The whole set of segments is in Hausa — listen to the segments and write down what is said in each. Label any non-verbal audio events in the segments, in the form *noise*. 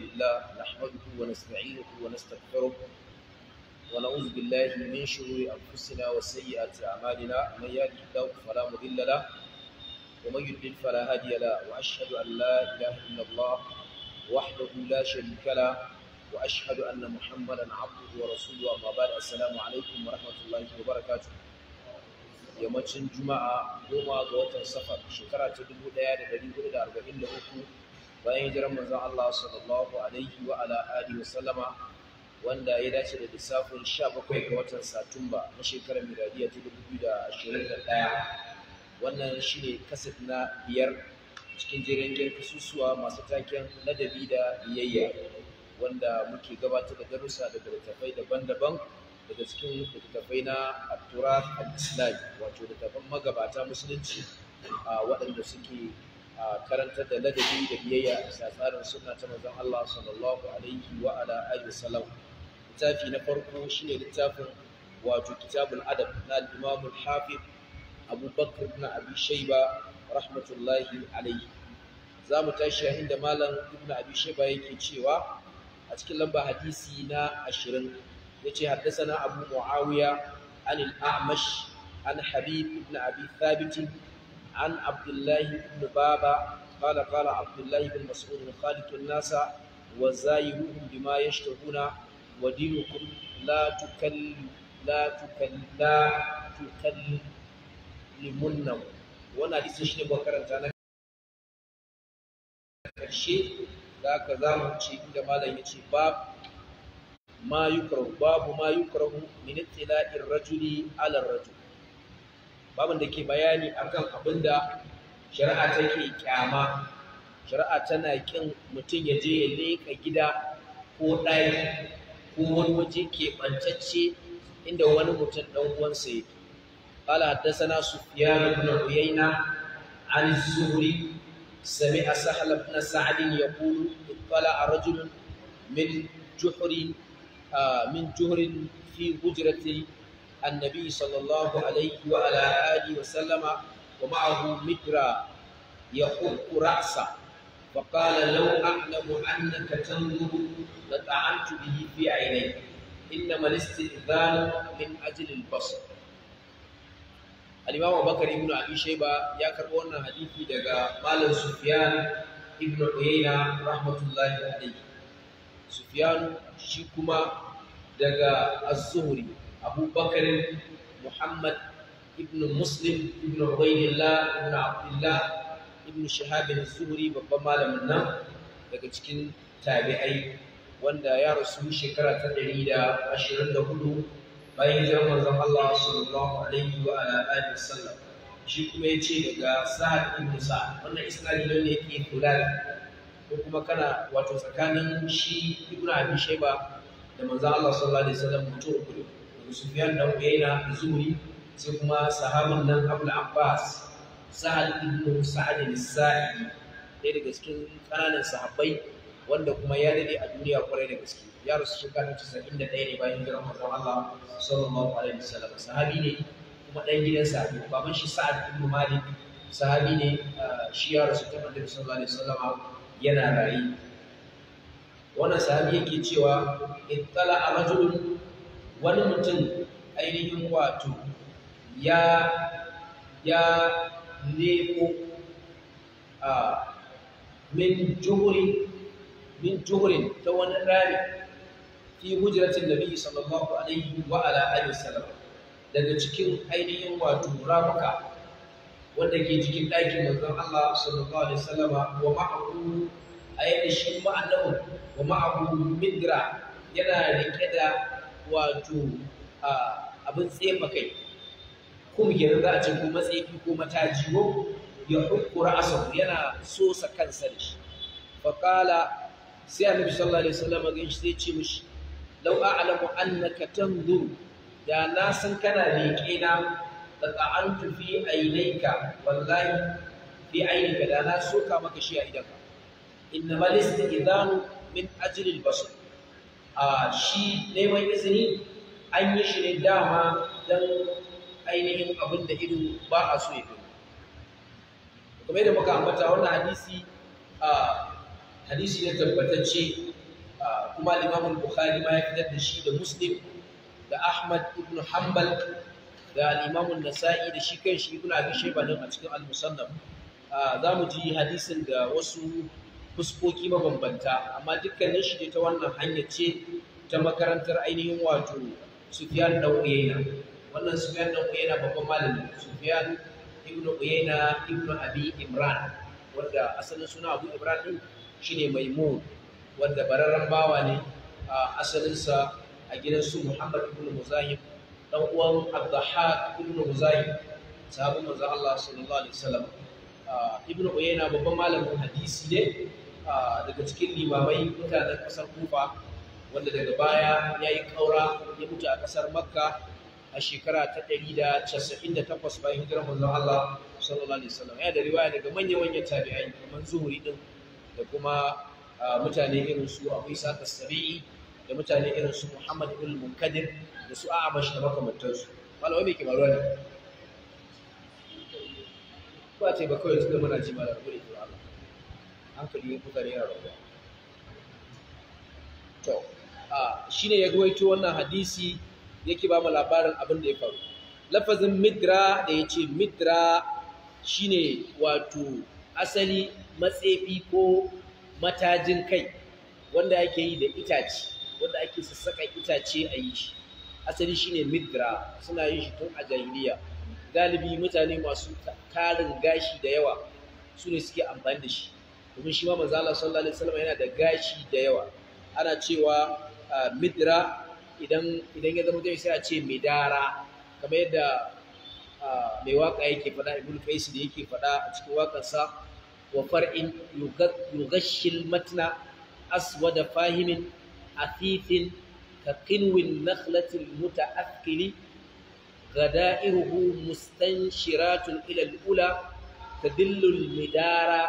لله نحمده ونستعينه ونستغفره ونعوذ بالله من شرور أنفسنا وسيئات أعمالنا من يهده الله فلا مضل له ومن يضلل فلا هادي له وأشهد أن لا إله إلا الله وحده لا شريك له وأشهد أن محمدا عبده ورسوله أما بعد السلام عليكم ورحمة الله وبركاته يوم الجمعه yammacin juma'a goma ga watan safar shekara ta 1443 bayan jiran manzon Allah sallallahu alaihi wa ala alihi wa sallama wanda ya dace da lissafin 17 ga watan Satumba na shekarar miladiya ta 2021 wannan shine kasaf na biyar cikin jirgin kasusuwa masu taken ladabi da biyayya wanda muke gabatar da darussa daga littattafai daban-daban daga cikin littattafai na al al-islam wato littattafan magabata musulunci a waɗanda suke A karantar da ladabi da biyayya a bisa tsarin sunna ta manzon Allah sallallahu alaihi wa ala littafi na farko shine littafin wato kitabul adab na al-imam Abu Bakr Abi Shayba rahmatullahi alaihi zamu tashi inda malam ibn Abi Shayba yake cewa a cikin lamba hadisi na ashirin, ya ce haddasa na Abu Muawiya an al an Habib ibn Abi Thabit عن عبد الله بن بابا قال قال عبد الله بن مسعود خالق الناس وزايرهم بما يشتهون ودينكم لا تكل لا تكل لا تكلمنهم shi ne ba karanta na ƙarshe da aka zamu ce inda malam ce bab ma yukrahu babu ma yukrahu min ittila'ir rajuli ala babin da ke bayani a kan abin da shari'a take kyama shari'a tana kin mutum ya je ya leƙa gida ko ɗaya, ko wani waje ke keɓantacce inda wani mutum ɗan uwansa yake قال حدثنا سفيان بن عيينة عن الزهري سمع سهل بن سعد يقول اطلع رجل من جحر من جهر في هجرة النبي صلى الله عليه وعلى آله وسلم ومعه مترا يحك رأسه فقال لو أعلم أنك تنظر لطعنت به في عينيك إنما الاستئذان من أجل البصر الإمام أبو بكر بن أبي شيبة يكرر wannan hadisi daga Malam Sufyan ibn Uyayna rahmatullahi alayhi Sufyan shi kuma daga Az-Zuhri Abu Bakr, Muhammad, Ibn muslim Ibn عبيد Ibn abdullah Ibn Shahabin ابن babban malamin nan daga cikin tabi'ai wanda ya rasu shekara ta 124 bayan hijirar manzon Allah sallallahu alaihi wa ala alihi sallam shi kuma ya ce daga Sa'ad ibn Sa'ad wannan isnadi ne yake kula ko kuma kana wato tsakanin shi Ibn Abi Shayba da manzon Allah sallallahu alaihi sallam mutum Sufyan dan Uyayna Zuhri sai kuma sahabin nan Abul Abbas Sa'ad ibn Sa'ad al-Sa'idi ɗaya daga cikin ƙananan sahabbai wanda kuma ya dade a duniya kwarai da gaske ya rasu shekara casa'in da ɗaya ne bayan jiran manzon Allah sallallahu alaihi wasallam sahabi ne kuma ɗan gidan sahabi baban shi Sa'ad ibn Malik sahabi ne shi ya rasu ta annabi sallallahu alaihi wasallam yana rayi wannan sahabi yake cewa ittala rajulun wani mutum ainihin wato ya ya leko a min juhuri min juhurin ta wani rari fi hujratin nabi sallallahu alaihi wa ala alihi daga cikin ainihin wato ramuka wanda ke cikin ɗakin manzon Allah sallallahu alaihi wasallama wa ma'ahu yadda shi ma'annahu wa ma'ahu midra yana rike da wato abin tsefa kai kuma kenan za a cikin ko matsefi ko mataji ko ya hukku ra'asahu yana sosa kansa da shi faqala sai annabi sallallahu alaihi wasallam ga shi ce mashi. law a'lamu annaka tanzur da na san kana leƙe na da ta'antu fi ainaika wallahi fi ainika da na soka maka shi a idanka innamal idanu min ajli al a shi neman izini an yi shi ne dama don ainihin abin da ido ba a so ya gani kuma yadda muka ambata wannan hadisi a hadisi ne tabbatacce kuma limamin bukhari ma ya fitar da shi da muslim da ahmad ibn hanbal da limamin nasa'i da shi kan shi ibn abi shaiba a cikin al-musannaf za mu ji hadisin da wasu fuskoki mabambanta amma dukkanin shi ta wannan hanya ce ta makarantar ainihin wato sufiyan da uyaina wannan sufiyan da uyaina babban malami sufiyan ibn uyaina ibn Abi Imran wanda asalin suna Abu Imran din ne Maimun wanda bararren bawa ne a asalinsa a gidan su Muhammad ibn Muzahim dan uwan Abdahak ibn Muzahim sahabin manzon Allah sallallahu alaihi wasallam ah, ibn uyaina babban malamin hadisi ne daga cikin limamai mutanen ƙasar kufa wanda daga baya ya yi ƙaura ya mutu a ƙasar makka a shekara ta 198 bayan hijirar manzon Allah sallallahu alaihi wasallam ya da riwaya daga manyan manyan tabi'ai kamar zuhuri din da kuma mutane irin su Abu Isa As-Sabi'i da mutane irin su Muhammad ibn Munkadir da su Ahmad da makamantansu malamai me ke maruwa ne ba ce ba kawai su da mana ji malamai hankali ya fi kare yaro ba to a ne ya gwaito wannan hadisi yake ba mu labarin abin da ya faru lafazin midra da ya ce midra shine wato asali matsefi ko matajin kai wanda ake yi da itace wanda ake sassaƙa itace a yi shi asali shi ne midra suna yin shi tun a jahiliya galibi mutane masu karin gashi da yawa su ne suke amfani da shi domin shi ma manzo Allah sallallahu alaihi wasallam yana da gashi da yawa ana cewa midra idan idan ya zama dai sai a ce midara kamar yadda mai waka yake faɗa ibnu qais da yake faɗa a cikin waƙarsa wa far'in yughashshil matna aswada fahimin athithin ka qinwin nakhlatil muta'akkili غدائره مستنشرات إلى الأولى تدل المدارة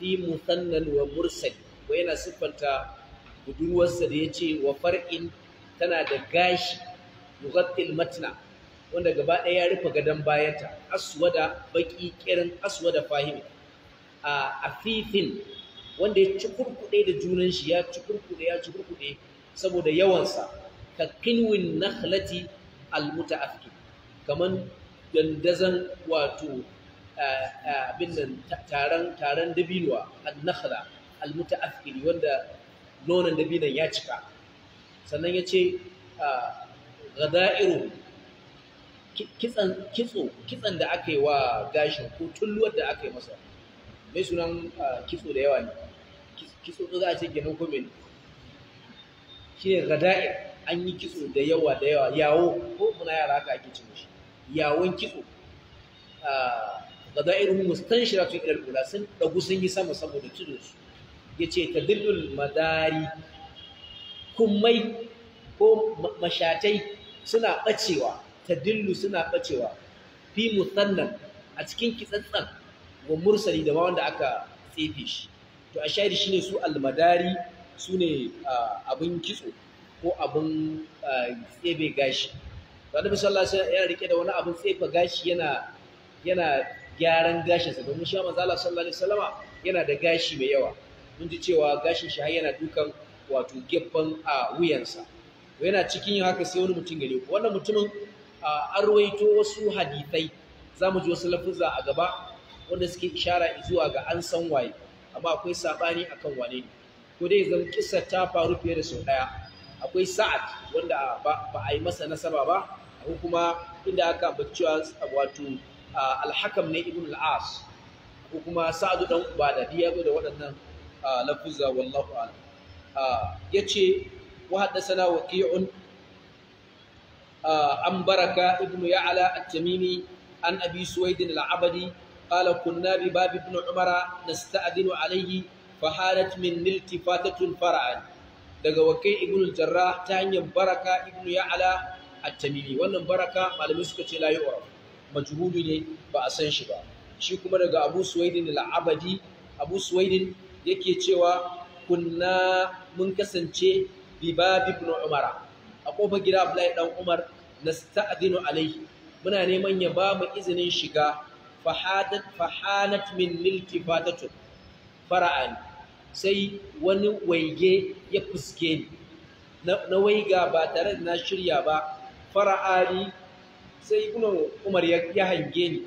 fi musannan wa mursal ko yana siffanta budurwarsa da ya ce wa far'in tana da gashi yughattil matna wanda gaba ɗaya ya rufe gadon bayanta aswada baki kirin aswada fahim a afifin wanda ya ci cikurkuɗe da junan shi ya kurkude ya ci kurkude. saboda yawansa ka kinwin nakhlati almutaaffi kaman dandazan wato abin nan taron taron dabinuwa annakhla almutaathiri wanda nonon dabinan ya cika sannan ya ce gadairu kitsan kitso kitsan da aka yi wa gashin ko tulluwar da aka yi masa mai sunan kitso da yawa ne kitso za a ce ginin kumin shi ne gada'ir an yi kitso da yawa da yawa yawo ko muna yara haka ake cin shi yawon kitso qada'iruhum mustanshiratu ila al-ula sun dagu sun yi sama saboda tudun su yace tadillul madari kummai ko mashatai suna bacewa tadillu suna bacewa fi musannan a cikin kitsatsan wa mursali da ma wanda aka tsefe shi to a shahidi shine su almadari su ne abin kitso ko abin tsebe gashi to annabi sallallahu alaihi rike da wani abin tsefe gashi yana gyaran gashinsa domin shi manzo Allah sallallahu alaihi wasallama yana da gashi mai yawa mun ji cewa gashin shi har yana dukan wato gefen a wuyansa yana cikin yin haka sai wani mutum gare ku wannan mutumin an ruwaito wasu hadithai zamu ji wasu lafuzza a gaba wanda suke ishara zuwa ga an san waye amma akwai saɓani akan wane ne ko dai zan kisa ta faru fiye da sau ɗaya akwai sa'ad wanda ba a yi masa nasaba ba ko kuma inda aka bacciwa wato alhakam ne ibn al'as ko kuma sa'adu dan uba da diya da waɗannan lafuzza wallahu a'lam ce, wa haddathana waqi'un an baraka ibn ya'ala at-tamimi an abi suwaid al-abadi qala kunna bi bab ibn umara nasta'dinu alayhi fa halat min iltifatatun fara'an daga waqi' ibn al-jarrah ta hanyar baraka ibn ya'ala at-tamimi wannan baraka malamai suka ce la yu'raf majhuli ne ba a san shi ba shi kuma daga Abu Suwaidin al Abu Suwaidin yake cewa kunna mun kasance biba ibn Umar a kofa gida Abdullahi dan Umar nasta'dinu alaihi muna neman ya ba mu izinin shiga fahadat fahanat min milki fatatu fara'an sai wani waige ya fuske ni na waiga ba tare da na shirya ba fara'ali sai ibn umar ya hange ni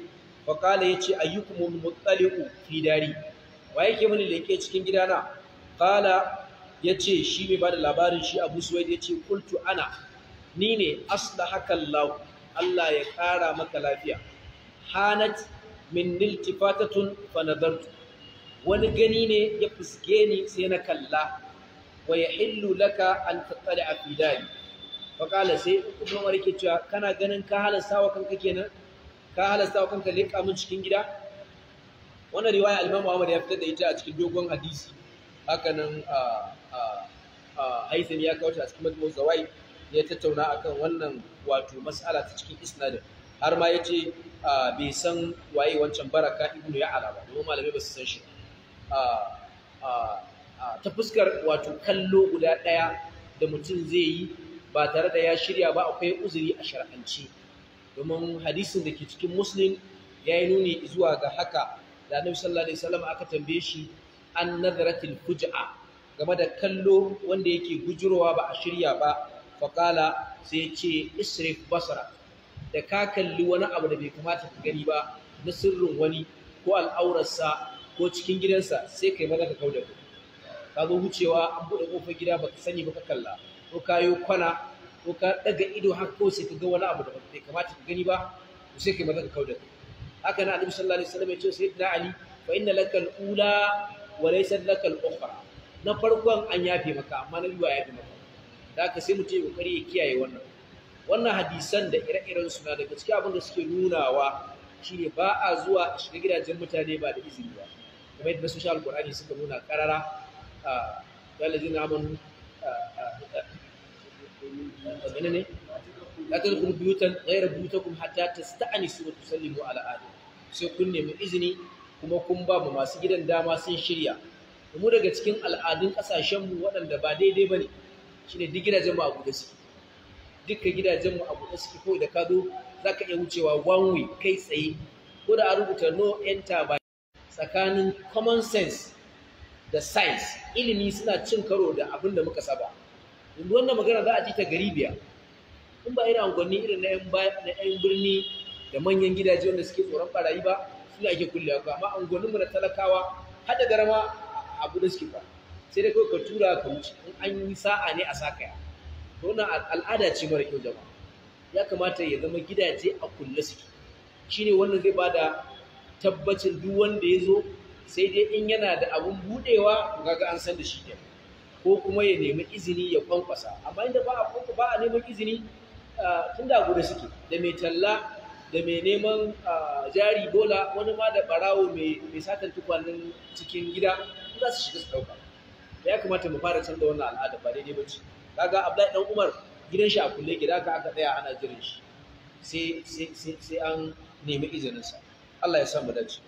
fa kala yace ayyukum muttaliqu fi dari wa yake mini leke cikin gidana kala yace shi mai bada labarin shi abu suwaid yace kultu ana ni ne aslahaka allah allah ya kara maka lafiya hanat min niltifatatun fa nadartu wani gani ne ya fuske ni sai na kalla wa yahillu laka an tattala fi dari faƙala sai ibn umar ke cewa kana ganin ka halasta wa kanka kenan ka halasta wa kanka leƙa min cikin gida wannan riwaya al-imam Muhammad ya fitar da ita a cikin dogon hadisi haka nan haitham ya kawo a cikin majmu zawai ya tattauna kan wannan wato mas'ala ta cikin isnadin har ma yace bai san waye wancan baraka ibnu ya alaba domin malamai ba su san shi ta fuskar wato kallo guda ɗaya da mutum zai yi ba tare da ya shirya ba akwai uzuri a shar'anci domin hadisin da ke cikin muslim ya yi nuni zuwa ga haka da annabi sallallahu alaihi wasallam aka tambaye shi an nazaratil fuj'a game da kallo wanda yake gujurowa ba a shirya ba faƙala sai ya ce israf basara da ka kalli wani abu da bai kamata ka gani ba na sirrin wani ko al'aurarsa ko cikin gidansa sai kai maza ka da ku ka zo wucewa an buɗe kofar gida baka sani baka kalla ko ka kwana ko ka ɗaga ido har ko sai ka ga wani abu da bai kamata ka gani ba to sai kai maza ka kauda haka na annabi sallallahu alaihi wasallam ya ce da ali fa inna laka ula wa laysa laka ukhra na farkon an yafe maka amma na biyu ya yafe maka da haka sai mutum ya kokari ya kiyaye wannan wannan hadisan da ire-iren suna daga cikin abin da suke nunawa shine ba a zuwa shiga gidajen mutane ba da izini ba kamar yadda social qur'ani suka nuna karara yalazi na amon gane ne la ta dukkan buyutan ɗaira buyutakun hatta ta su al'adu sai kun nemi izini kuma kun ba mu masu gidan dama sun shirya mu daga cikin al'adun ƙasashenmu waɗanda ba daidai ba ne shi ne duk gidajen mu a buɗe suke dukkan gidajenmu a buɗe suke ko da ka zo za ka iya wucewa one way kai tsaye ko da a rubuta no enter by tsakanin common sense da science ilimi suna cin karo da abin da muka saba yanzu wannan magana za a ji ta garibiya in ba irin angonni irin na yan birni da manyan gidaje wanda suke tsoron barayi ba su ne ake kulle ba amma angonin mu na talakawa har da garama abu da suke ba sai dai kawai ka tura ka wuce in an yi sa'a ne a sakaya to wannan al'ada ce mara kyau jama'a ya kamata ya zama gidaje a kulle suke shine wannan zai ba da tabbacin duk wanda ya zo sai dai in yana da abun budewa ga an san da shi ke ko kuma ya nemi izini ya kwankwasa amma inda ba a kwankwasa ba a neman izini tun da guda suke da mai talla da mai neman jari bola wani ma da barawo mai satan tukwanin cikin gida za su shiga su ɗauka ya kamata mu fara canza wannan al'ada ba daidai ba ce kaga abdullahi dan umar gidan shi a kulle gida ka aka tsaya ana jiran shi sai an nemi izininsa Allah ya sa mu dace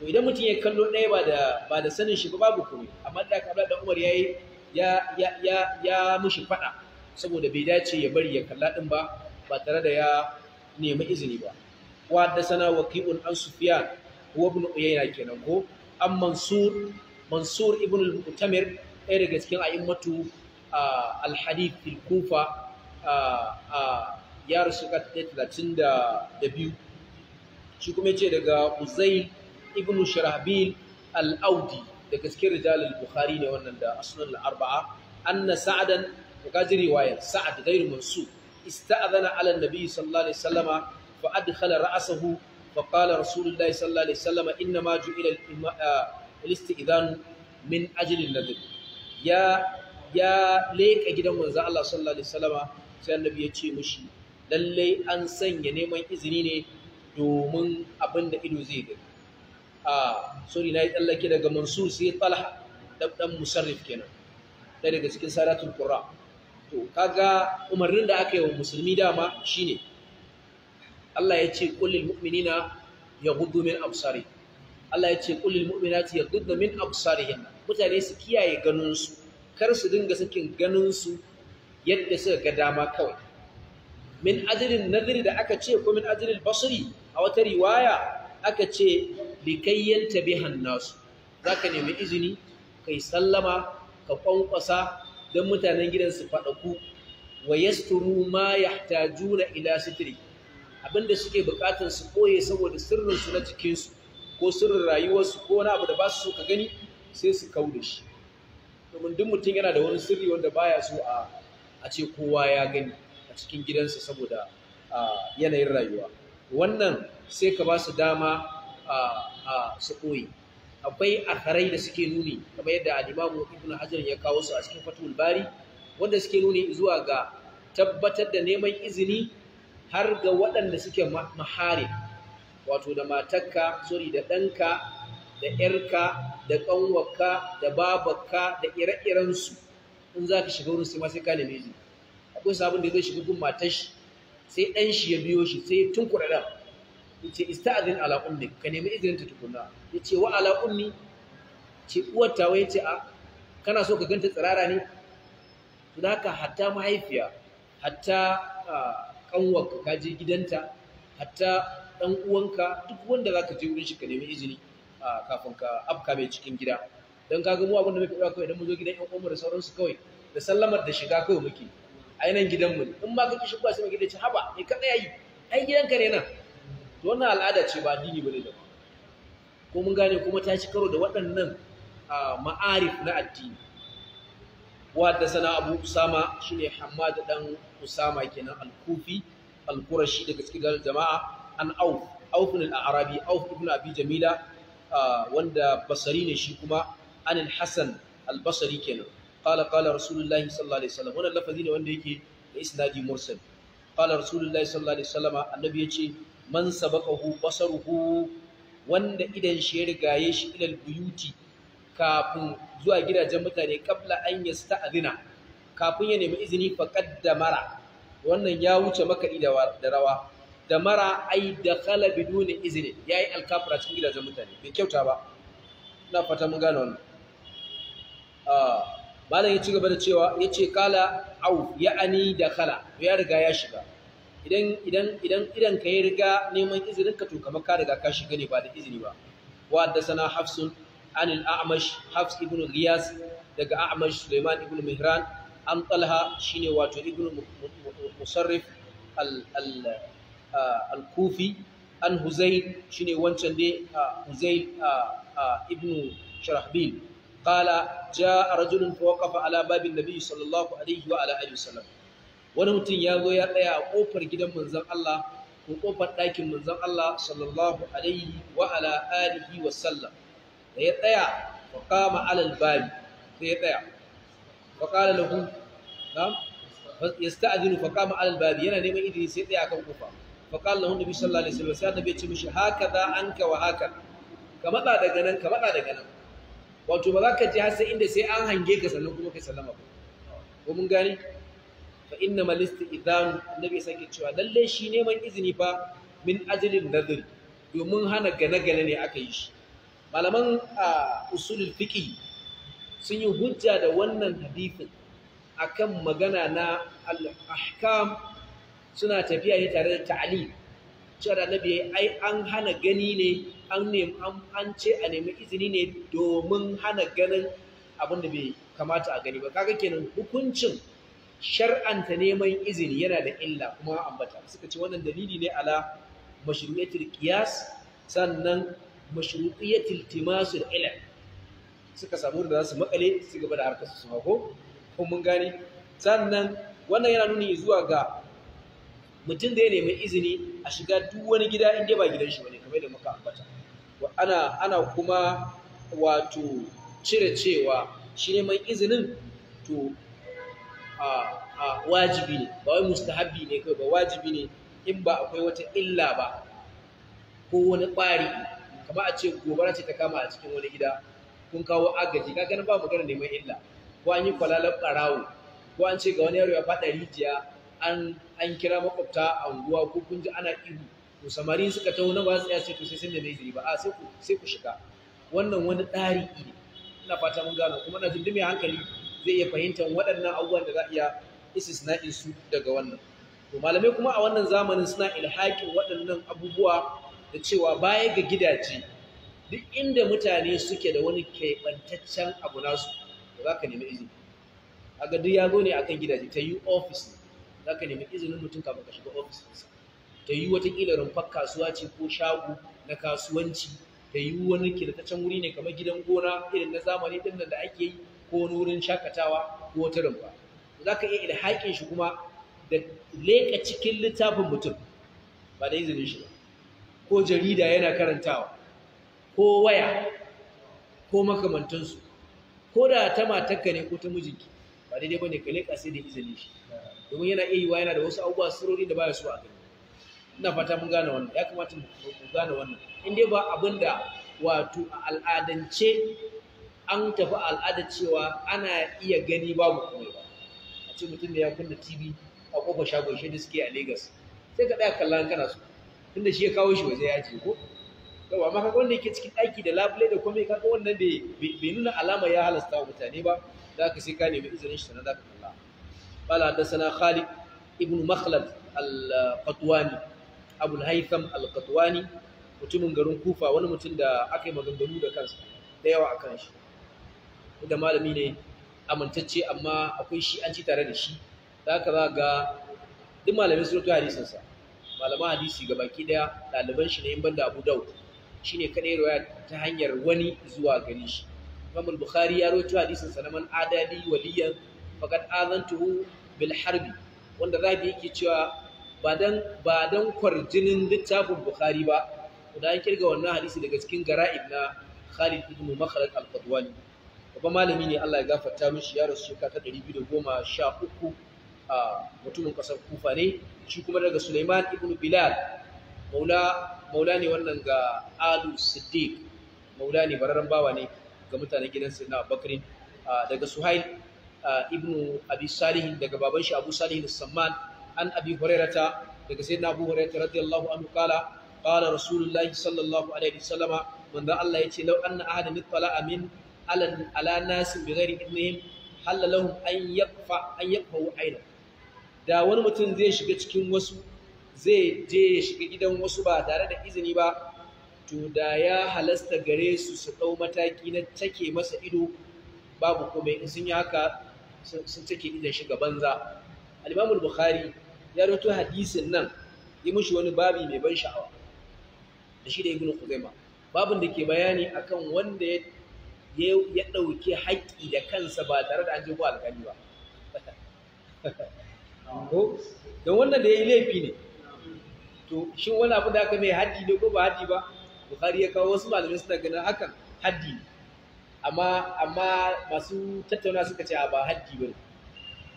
to idan mutum ya kallo ɗaya ba da ba da sanin shi ba babu komai amma da kabla da Umar yayi ya ya ya ya mushi fada saboda bai dace ya bari ya kalla din ba ba tare da ya nemi izini ba wa da sana waqi'un an sufyan wa ibn uyayna kenan ko an mansur mansur ibn al-mu'tamir ɗaya daga cikin a'immatu al-hadith fil kufa ya talatin da 32 shi kuma ce daga uzayl ibn shirahbil al-audi da gaske rijal al-bukhari ne wannan da asnul arba'a anna sa'dan kaji riwayar sa'ad ghairu mansu ista'adana ala nabi sallallahu alaihi wasallama fa adkhala ra'sahu fa qala rasulullahi sallallahu alaihi wasallama inna ma ju'ila ah, al-istidhan min ajli al-nadhr ya ya leka gidan manzo Allah sallallahu alaihi wasallama sai annabi ya ce mishi lallai an sanya neman izini ne domin abin da ido zai gani A'a ah, sorry na yi tsallake daga mansur sai talha dan musarrif kenan ɗaya daga cikin sadatul kura to kaga umarnin da aka yi wa musulmi dama shine Allah ya ce kullil mu'minina gudu min absari Allah ya ce kullil mu'minati gudu min absarihin mutane su kiyaye ganinsu, kar su dinga sakin ganinsu, yadda suka ga dama kawai min ajirin nadri da aka ce ko min ajril basri a wata riwaya aka ce bi hannasu, za ka nemi izini kai sallama ka kwankwasa don mutanen gidan su faɗaku wa yasturu ma juna ila sitiri abinda suke bukatar su koye saboda sirrinsu na cikinsu ko sirrin rayuwarsu ko wani abu da ba su so ka gani sai su da shi domin duk mutum yana da wani sirri wanda baya so a a ce kowa ya gani a cikin gidansa saboda yanayin rayuwa wannan sai ka ba su dama su koyi akwai akharai da suke nuni kamar yadda al-Imam Ibn Hajar ya kawo su a cikin fatul Bari wanda suke nuni zuwa ga tabbatar da neman izini har ga waɗanda suke mahari wato da matakka, sorry da ɗanka da ƴarka da ƙanwarka da babakka da ire-irensu in za ka shiga wurin sai ma sai ka nemi akwai sabon da zai shiga gun matar sai ɗan shi ya biyo shi sai tun kuɗaɗa yace ista'zin ala ummi ka nemi izinin ta tukunna yace wa ala ummi ce uwar ta wai yace a kana so ka ganta tsirara ne to ka hatta mahaifiya hatta kanwarka ka je gidanta hatta dan uwanka duk wanda zaka je wurin shi ka nemi izini kafin ka afka mai cikin gida don kaga mu abin da muke kai idan mu zo gidan 'yan uwanmu da su kawai da sallamar da shiga kawai muke a yanan gidanmu ne in ma ka shi shigo sai mu gida ce haba ne ka tsaya yi ai gidanka ne nan wannan al'ada ce ba addini ne da ko mun gane kuma ta shi karo da waɗannan ma'arif na addini wa da sana abu usama shine hamad dan usama kenan al-kufi al-qurashi daga cikin jama'a an auf auf ibn al-arabi auf ibn abi jamila wanda basari ne shi kuma an al albasari al-basri kenan qala qala rasulullahi sallallahu alaihi wasallam wannan lafazi ne wanda yake da isnadi mursal qala rasulullahi sallallahu alaihi wasallam annabi yace man sabaqahu basaruhu wanda idan shi ya rigaye shi ilal buyuti kafin zuwa gidajen mutane kabla an azina kafin ya nemi izini faqad mara. wannan ya wuce maka da rawa da mara ai da dakhala bidun izni yayi alkafara cikin gidajen mutane bai kyauta ba ina fata mun gane wannan ah, malam ya ci gaba da cewa yace kala au ya'ani da kala. ya riga ya shiga idan idan idan idan yi riga neman izinin ka to kamar ka riga ka shiga ne ba da izini ba wa haddasana hafsun Anil amash hafs Ibnu riyas daga a'mash suleiman Ibnu mihran an talha shine wato Ibnu musarrif uh, al-kufi an huzail shine wancan dai uh, huzail uh, Ibnu sharahbil قال جاء a فوقف على باب nabiy صلى الله عليه وعلى اله وسلم wani mutum ya zo ya tsaya a ƙofar gidan manzon Allah ko ƙofar ɗakin manzon Allah sallallahu alaihi wa ala alihi wa sallam da ya tsaya fa qama alal sai ya tsaya fa qala lahu na'am yasta'dinu fa qama alal babi yana neman idini sai tsaya kan kofa fa qala lahu nabi sallallahu alaihi wasallam sai annabi ya ce mishi da anka wa haka ka matsa daga nan ka matsa daga nan wato ba za ka je har sai inda sai an hange ka sannan kuma kai sallama ba ko mun gani fa inna mal idan nabi sake cewa lalle shi neman izini fa min ajlin nadhr domin hana gane-gane ne aka yi shi malaman usulul fiqh sun yi hujja da wannan hadisin akan magana na al-ahkam suna tafiya ne tare da ta'lim cewa da ai an hana gani ne an an ce a nemi izini ne domin hana ganin abin da bai kamata a gani ba kaga kenan hukuncin shar'anta neman izini yana da illa kuma ambata suka ce wannan dalili ne ala mashru'iyatul qiyas sannan mashru'iyatul timasul ilm suka samu da za makale su gaba da harkar su mako kun mun gane sannan wannan yana nuni zuwa ga mutum da ya nemi izini a shiga duk wani gida in dai ba gidan shi bane kamar yadda muka ambata ana ana kuma wato cire cewa shi neman izinin to wajibi ne ba wai mustahabbi ne kai ba wajibi ne in ba akwai wata illa ba ko wani ɓari kamar a ce gobara ce ta kama a cikin wani gida kun kawo agaji ka ganin ba magana neman illa ko an yi kwalalar ɓarawo ko an ce ga wani yaro ya faɗa rijiya an kira makwabta a unguwa ko kun ji ana ihu to samari suka taho na ba su ce to sai sun da mai ba a sai ku shiga wannan wani ɗari ne ina fata mun gano kuma na jin mai hankali zai iya fahimtar waɗannan abubuwan da za a iya istisna'in su daga wannan to malamai kuma a wannan zamanin suna ilhakin waɗannan abubuwa da cewa baya ga gidaje duk inda mutane suke da wani keɓantaccen abu nasu da za ka nemi izini aga duk ya zo ne akan gidaje ta yi ofis ne za ka nemi izinin mutum kafin ka shiga ofis ne. ta yi watakila rumfar kasuwa ce ko shago na kasuwanci ta yi wani kilataccen wuri ne kamar gidan gona irin na zamani ɗin nan da ake yi ko wani wurin shakatawa ko wata rumfa za ka iya ilhaƙin shi kuma da leƙa cikin littafin mutum ba da izinin shi ba ko jarida yana karantawa ko waya ko makamantansu ko da ta matakka ne ko ta mijinki ba daidai ba ne ka leƙa sai da izinin shi domin yana iya yiwa yana da wasu abubuwa sirori da baya so a gani ina fata mun gane wannan ya kamata mu gane wannan in dai ba abin da wato a al'adance an tafi al'ada cewa ana iya gani babu kuma ba a ce mutum da ya kunna tv a kofar shagon shi da suke a lagos sai ka ɗaya kallon kana so tunda shi ya kawo shi waje ya ce ko yawa amma kaga wanda yake cikin ɗaki da labule da komai kaga wannan da bai nuna alama ya halasta wa mutane ba za ka sai ka nemi izinin shi sannan da ka kalla bala sana khalid ibnu makhlad al-qatwani abu al-haytham al-qatwani mutumin garin kufa wani mutum da aka yi maganganu da kansa da yawa akan shi da malami ne amintacce amma akwai shi an ci tare da shi za ka za ga duk malamin rutu hadisinsa malaman hadisi ga baki daya ɗaliban shi ne in banda abu daud shi ne kaɗai ruwaya ta hanyar wani zuwa gani shi imamul bukhari ya rutu hadisinsa na man adali waliyan fakat azantuhu bil harbi wanda ka yake cewa ba dan ba dan kwarjinin littafin bukhari ba da an kirga wannan hadisi daga cikin gara'in na Khalid ibn Makhlad al-Qadwani baba malami ne Allah ya gafarta mishi ya rasu shekara ta 213 a mutumin ƙasar Kufa ne shi kuma daga Suleiman ibn Bilal maula maula ne wannan ga Alu Siddiq maula ne bararren bawa ne ga mutanen gidan na Abubakar daga Suhail ibn Abi daga baban shi Abu Salih al-Samman an Abi Hurairata daga Sayyidina Abu Hurairata radiyallahu anhu kala qala Rasulullahi sallallahu alaihi wasallama manzo Allah yace law anna ahadan ittala amin. ala nasin bi ghairi idnihim halalahum an yakfa an yakfau wa'aina. da wani mutum zai shiga cikin wasu zai je ya shiga gidan wasu ba tare da izini ba to da ya halasta gare su su dau mataki na take masa ido babu komai in sun yi haka sun take idan shiga banza al bukhari ya rawaito hadisin nan yi mushi wani babi mai ban sha'awa da shi da Ibn Khuzaimah babin da ke bayani akan wanda ya ya ɗauki haƙƙi da kansa ba tare da an je ko alƙali ba *laughs* don wannan da ya yi laifi ne to shin wani abu da aka mai haddi ne ko ba haddi ba Bukhari ya kawo wasu malamai suna ganin hakan haddi ne amma masu tattauna suka ce ba haddi ba ne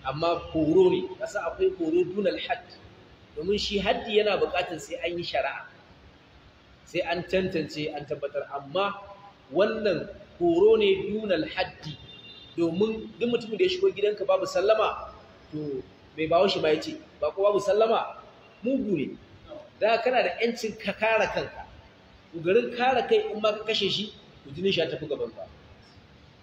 amma koro ne kasa akwai horo dunal haddi domin shi haddi yana buƙatar sai an yi shari'a sai an tantance an tabbatar amma wannan horo ne dunal haddi domin duk mutumin da ya shigo gidanka babu sallama to mai bawo shi ba ya ce ba ko babu sallama mugu ne da kana da yancin ka kare kanka ugarin kare kai in ma ka kashe shi jinin shi ya tafi gaban ka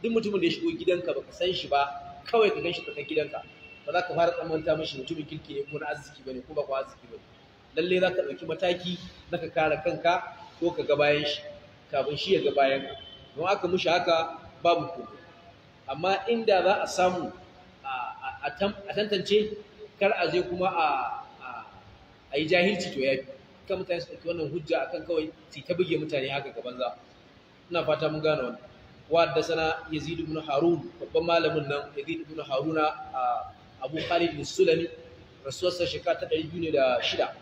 duk mutumin da ya shigo gidanka ba ka san shi ba kawai ka ganshi tsakan gidanka ba za ka fara tsamanta mashi mutumin kirki ne ko na arziki bane ko ba ko arziki bane lalle za ka ɗauki mataki na ka kare kanka ko ka ga bayan shi kafin shi ya ga bayan ka don aka mushi haka babu ku. amma inda za a samu a tantance kar a je kuma a yi jahilci to ya fi kan mutane su ɗauki wannan hujja a kan kawai su ta buge mutane haka gaban za ina fata mun gane wani. wadda sana yazid ibn harun babban malamin nan yazid ibn haruna abu khalid bin sulami rasuwarsa shekara ta ɗari biyu ne da shida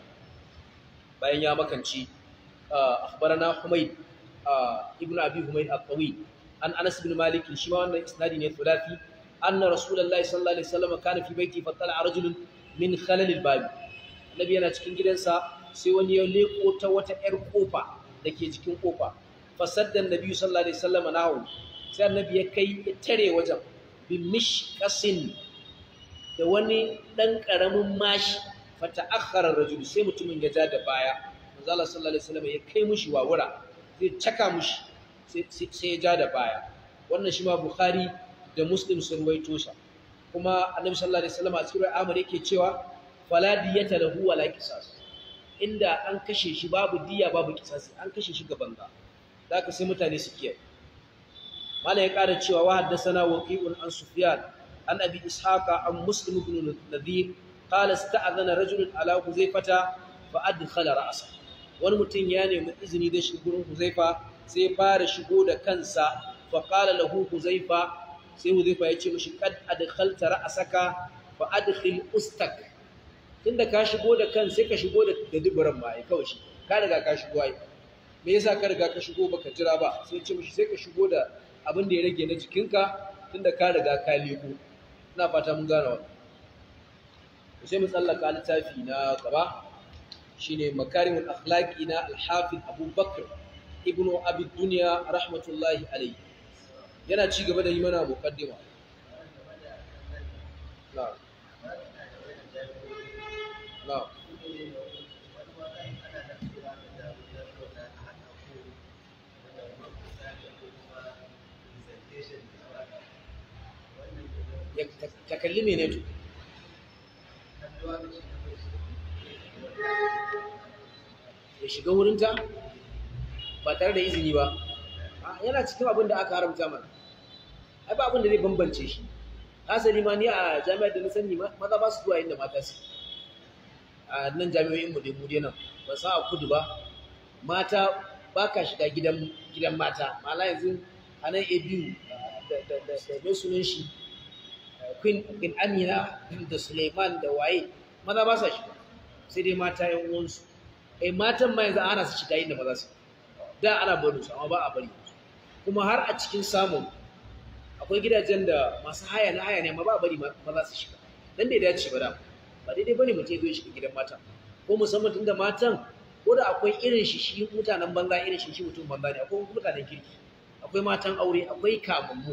bayan ya makanci akhbarana humayd ibnu abi humayd al-qawi an anas bin malik shi ma wannan isnadi ne thulathi anna rasulullahi sallallahu alaihi wasallam kana fi baiti fa tala rajulun min khalal al-bab annabi yana cikin gidansa sai wani ya leko ta wata yar kofa dake cikin kofa fa sadda nabi sallallahu alaihi wasallam nahu sai annabi ya kai ya tare wajen bi mishqasin da wani dan karamin mashi fata akhara rajul sai mutumin ya ja da baya manzo Allah sallallahu alaihi wasallam ya kai mushi wura zai caka mushi sai ya ja da baya wannan shi ma bukhari da muslim sun waito sa kuma annabi sallallahu alaihi wasallam a cikin amr yake cewa fala diyata lahu wala qisas inda an kashe shi babu diya babu qisas an kashe shi ga ga zaka sai mutane su kiyaye malai ya ƙara cewa wa haddathana waqi'un an sufyan an abi ishaqa an muslim ibn nadhir qala sta'adhana rajulun ala huzaifata fa adkhala ra'sahu wani mutum ya nemi izini da shi gurin huzaifa sai ya fara shigo da kansa fa qala lahu huzaifa sai huzaifa ya ce mishi kad adkhalta ra'saka fa adkhil ustak tunda ka shigo da kan sai ka shigo da dubaran ba kawai shi ka riga ka shigo ai me yasa ka riga ka shigo baka jira ba sai ya ce mishi sai ka shigo da abin da ya rage na jikinka tunda ka riga ka leko ina fata mun gane wannan sai mu tsallaka littafi na gaba shine makarimul akhlaqi na al abubakar ibnu Abid duniya rahmatullahi alayhi yana ci gaba da yi mana muqaddima na'am takalli ne to ya shiga wurinta ba tare da izini ba ah, yana cikin abin da aka haramta mana ai ba abin da zai bambance shi hasali ma ni a jami'ar da na sani maza ba su zuwa inda mata su a nan jami'o'in mu da mu nan ba sa a kudu ba mata ba ka shiga gidan gidan mata mala yanzu a nan biyu da da sunan shi eh, queen amina da suleiman da waye maza ba sa shiga sai dai mata yan uwansu ai eh, matan mai za ana su shiga inda maza su da ana barin su amma ba a bari kuma har a cikin samun akwai gidajen da masu haya na haya ne amma ba a bari maza su shiga dan bai dace ba da ba daidai bane mutum ya zo shiga gidan mata ko musamman tunda matan ko da akwai irin shi shi mutanen banza irin shi shi mutum banza ne akwai mutanen kirki akwai matan aure akwai kamammu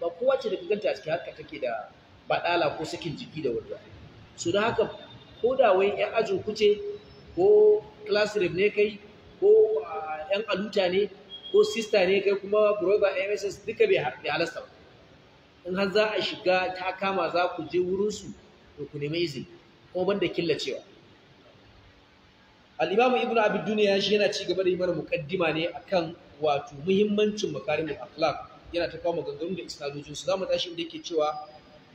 ba kowace da kanta a cikin haka take da baɗala ko sakin jiki da wanda so da haka ko da wai yan ajin kuce ko class ne kai ko yan aluta ne ko sister ne kai kuma broba mss duka bai halasta ba in har za a shiga ta kama za ku je wurinsu da ku nemi izini kuma banda killacewa al'imamu ibn Abi duniya shi yana ci gaba da yi mana mukaddima ne akan wato muhimmancin makarimul akhlaq yana ta kawo maganganun da isnadojinsu za mu tashi inda yake cewa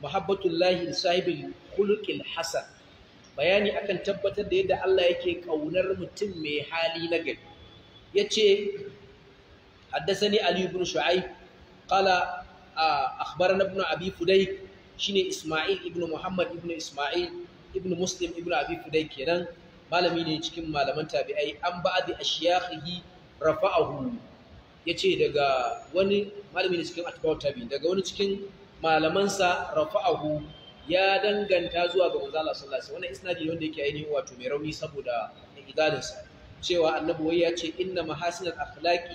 muhabbatullahi sahibul khuluqil hasan bayani akan tabbatar da yadda Allah yake ƙaunar mutum mai hali na gari Ya yace haddathani ali ibn shu'aib a akhbarana ibn abi fudayk shine isma'il ibn muhammad ibn isma'il ibn muslim ibn abi fudayk kenan malami ne cikin malaman tabi'ai an da ba'di ashyakhihi rafa'ahu ce daga wani malami ne cikin atba'u tabi'in daga wani cikin malamansa rafa'ahu ya danganta zuwa ga manzo Allah sallallahu alaihi wasallam wannan isnadi wanda yake ainihin wato mai rauni saboda idanin sa cewa annabi wai ya ce inna mahasinal akhlaqi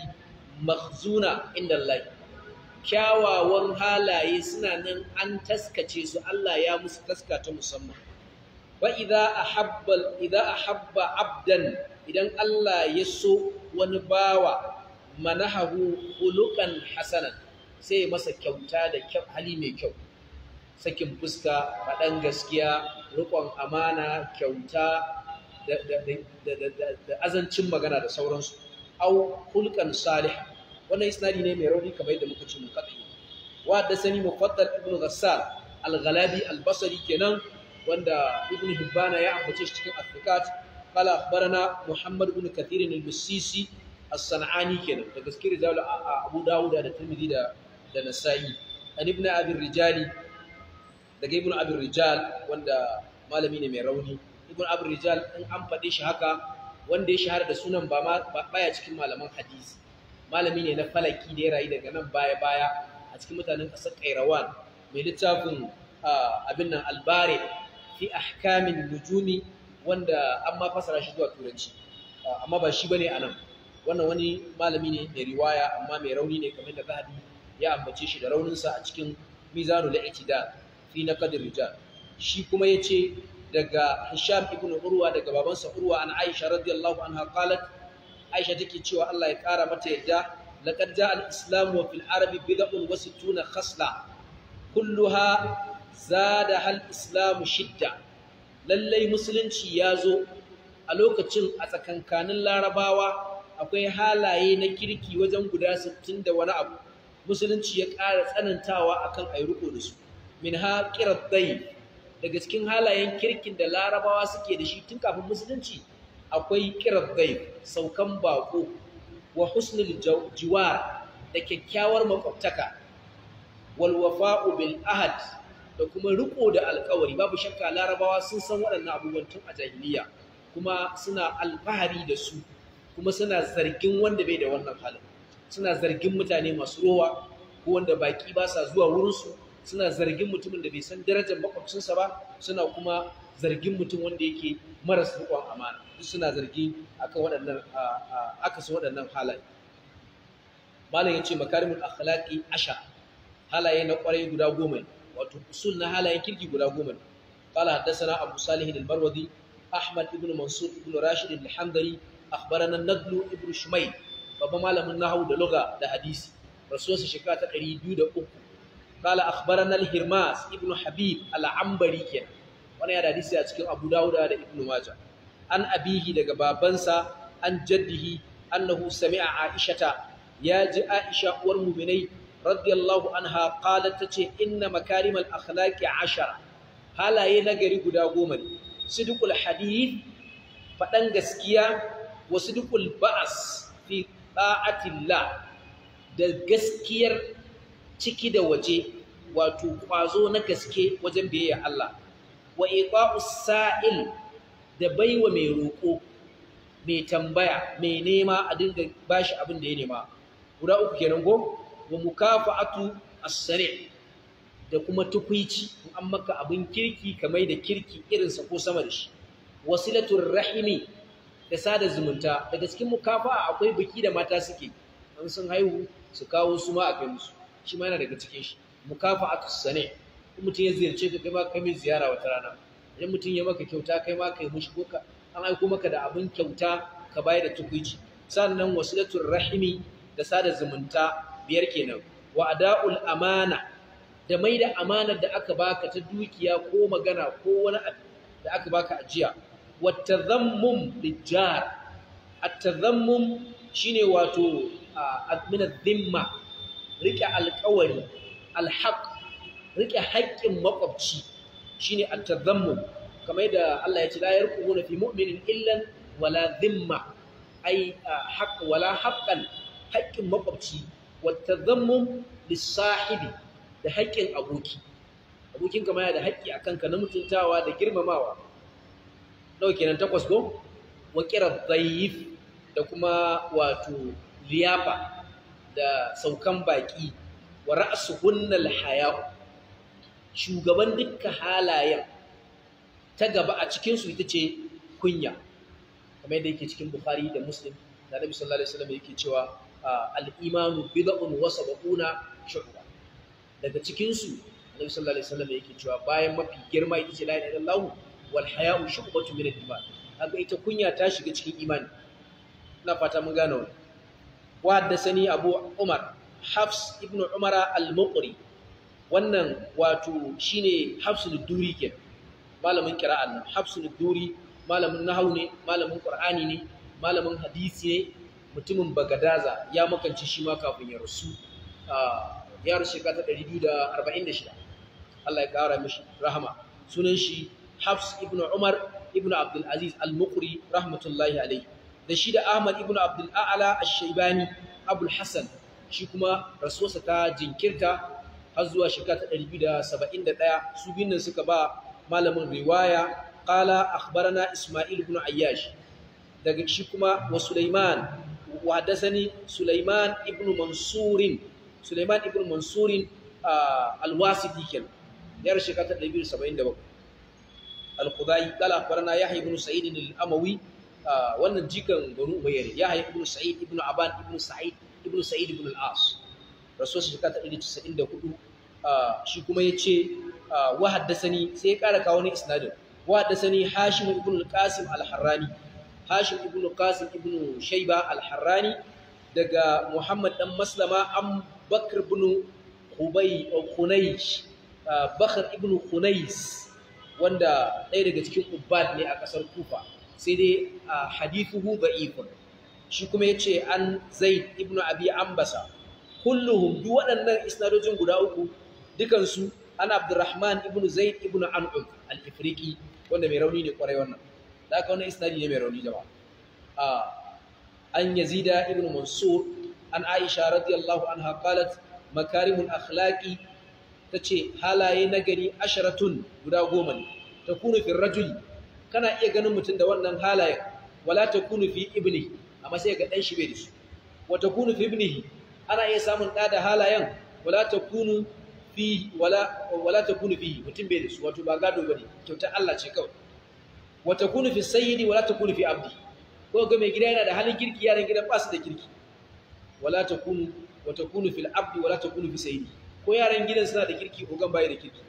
makhzuna inda Allah kyawawan halaye suna nan an taskace su Allah ya musu taska ta musamman wa idza ahabba idza ahabba abdan idan Allah ya so wani bawa manahu khuluqan hasanan sai masa kyauta da hali mai kyau sakin fuska faɗan gaskiya Rikon amana kyauta da azancin magana da sauransu au hulkan salih wannan isnadi ne mai rauni kamar yadda muka ce mu kadai wa da sani fattar ibn ghassal al-ghalabi al-basri kenan wanda ibn hibbana ya ambace shi cikin afrikat qala akhbarana muhammad ibn kathir al-bisisi as-sanani kenan da gaskiya da abu dawud da tirmidhi da da nasa'i an ibn abi rijali daga ibn abin rijal wanda malami ne mai rauni ibn abin rijal in an faɗe shi haka wanda ya shahara da sunan ba baya cikin malaman hadisi malami ne na falaki da ya rayu daga nan baya baya a cikin mutanen ƙasar kairawan mai littafin abin nan albare fi ahkamin nujumi wanda an ma fasara shi zuwa turanci amma ba shi bane anan wannan wani malami ne mai riwaya amma mai rauni ne kamar da zahabi ya ambace shi da rauninsa a cikin mizanul i'tidal fi naqd rijal shi kuma yace daga Hisham ibn Urwa daga babansa Urwa an Aisha radiyallahu anha qalat Aisha take cewa Allah ya kara mata yadda laqad jaa al-islam wa fil arabi bid'un wa sittuna khasla kulluha zada hal islamu shidda lallai musulunci ya zo a lokacin a tsakankanin larabawa akwai halaye na kirki wajen guda 60 da wani abu musulunci ya ƙara tsanantawa akan ayi da su min haƙirar dai, daga cikin halayen kirkin da larabawa suke da shi tun kafin musulunci akwai ƙirar dai saukan bako wa husnul jiwa da kyakkyawar makwabtaka walwafa'u bil ahad da kuma riko da alkawari babu shakka larabawa sun san waɗannan abubuwan tun a jahiliya kuma suna alfahari da su kuma suna zargin wanda bai da wannan halin suna zargin mutane masu rowa ko wanda baƙi ba sa zuwa wurinsu suna zargin mutumin da bai san darajar makwabcinsa ba suna kuma zargin mutum wanda yake maras riƙon amana duk suna zargi akan waɗannan waɗannan halaye malam ya ce makarimul akhlaqi asha halaye na kwarai guda goma wato usul na halayen kirki guda goma ne qala haddathana abu salih al Marwazi, ahmad ibn mansur ibn rashid al hamdani akhbarana nadlu ibn shumay Baba malamin nahwu da lugha da hadisi rasulullahi shekara ta 203 قال أخبرنا الهرماس ابن حبيب العنبري كان وانا يا حديثي أتكلم أبو داود هذا ابن ماجه عن أبيه دقى بابنسا عن جده أنه سمع عائشة يا عائشة والمؤمنين رضي الله عنها قالت تشي إن مكارم الأخلاق عشرة هلا ينقري قدا قومن صدق الحديث فدن غسكيا وصدق البعث في طاعة الله da gaskiyar ciki da waje wato kwazo na gaske wajen biyayya Allah wa iqa'u sa'il da baiwa mai roƙo mai tambaya mai nema a dinga bashi abin da ya nema guda uku kenan go wa mukafa'atu as-sari' da kuma tukuici in an maka abin kirki kamar da kirki irin irinsa ko sama da shi wasilatul rahimi da sada zumunta da cikin mukafa akwai biki da mata suke an sun haihu su kawo su ma a kai musu shi ma yana daga cikin shi mukafa'atu sane in mutum ya ziyarce ka kai ma kai mai ziyara wata rana idan mutum ya maka kyauta kai ma kai mushi ko ka an aiko maka da abin kyauta ka bayar da tukuici sannan wasilatul rahimi da sada zumunta biyar kenan wa ada'ul amana da mai da amanar da aka baka ta dukiya ko magana ko wani abu da aka baka ajiya wa tazammum lijjar at-tazammum shine wato min adh-dhimma rike alƙawari alhaq rike haƙƙin makwabci shine at-tazammum kamar yadda Allah ya ce la yarqubuna fi mu'minin illan wala dhimma ai haqq wala haqqan haƙƙin makwabci wat tazammum lis-sahibi da haƙƙin aboki abokin kama yana da haƙƙi a kanka na mutuntawa da girmamawa nawa kenan takwas ko waƙira zayif da kuma wato liyafa da saukan baƙi wa ra'asu hunnal haya'u shugaban dukkan halayen ta gaba a cikinsu ita ce kunya kamar yadda yake cikin bukhari da muslim da nabi sallallahu alaihi wasallam yake cewa ah, al-imanu bid'un wa sab'una shubha daga cikinsu nabi sallallahu alaihi wasallam yake cewa bayan mafi girma ita ce la ilaha illallah wal haya'u shu'batun min al-iman kaga ita kunya ta shiga cikin imani ina fata mun gane wannan وحدثني أبو عمر حفص ابن عمر المقري wannan wato shine hafsul duri ke malamin kira'an nan hafsul duri malamin nahawu ne malamin qur'ani ne malamin hadisi ne mutumin bagadaza ya makanci shi ma kafin ya rasu ya rasu shekara 246 Allah ya kara mishi rahama sunan shi Hafs ibnu Umar ibnu Abdul Aziz al-Muqri rahmatullahi alayhi da shi da Ahmad ibn Abdul A'la Ash-Shaybani Abul Hasan shi kuma rasuwarsa ta jinkirta har zuwa shekara ta ɗaya, su biyun nan suka ba malamin riwaya ƙala akhbarana Isma'il ibn Ayyash daga shi kuma wa Sulaiman wa hadathani Sulaiman ibn Mansurin, Sulaiman ibn Mansur al-Wasiti kenan yar shekara ta 277 al-Qudai qala akhbarana Yahya ibn Sa'id al-Amawi wannan jikan banu bayyari ya haifi ibn sa'id ibn aban ibn sa'id ibn sa'id ibn al-as rasul shi ka ta 194 shi kuma yace wa haddathani sai ya kara kawo ne isnadin wa haddathani hashim ibn al-qasim al-harrani hashim ibn al-qasim ibn Shaiba al-harrani daga muhammad dan maslama an Bakar ibn hubay khunaysh ibn khunais wanda ɗaya daga cikin ubbad ne a ƙasar kufa sai dai hadithuhu da'ifun shi kuma yace an zaid Ibn abi ambasa kulluhum duk waɗannan isnadojin guda uku dukansu an abdurrahman ibn zaid ibn an'um al-ifriqi wanda mai rauni ne kwarai wannan da aka wannan isnadi ne mai rauni da ba an yazida ibn mansur an aisha radiyallahu anha qalat makarimul akhlaqi tace halaye nagari asharatun guda goma ne kuna fi rajuli kana iya ganin mutum da wannan halayen wala kunu fi ibni amma sai ga dan shi bai da su Wata kunu fi ibnihi ana iya samun da da halayen wala kunu fi wala wala kunu fi mutum bai da su wato ba gado bane kyautar Allah ce kawai Wata kunu fi sayyidi wala kunu fi abdi ko ga mai gida yana da halin kirki yaran gidan ba su da kirki wala kunu wata kunu fi abdi wala kunu fi sayyidi ko yaran gidan suna da kirki ko gan bai da kirki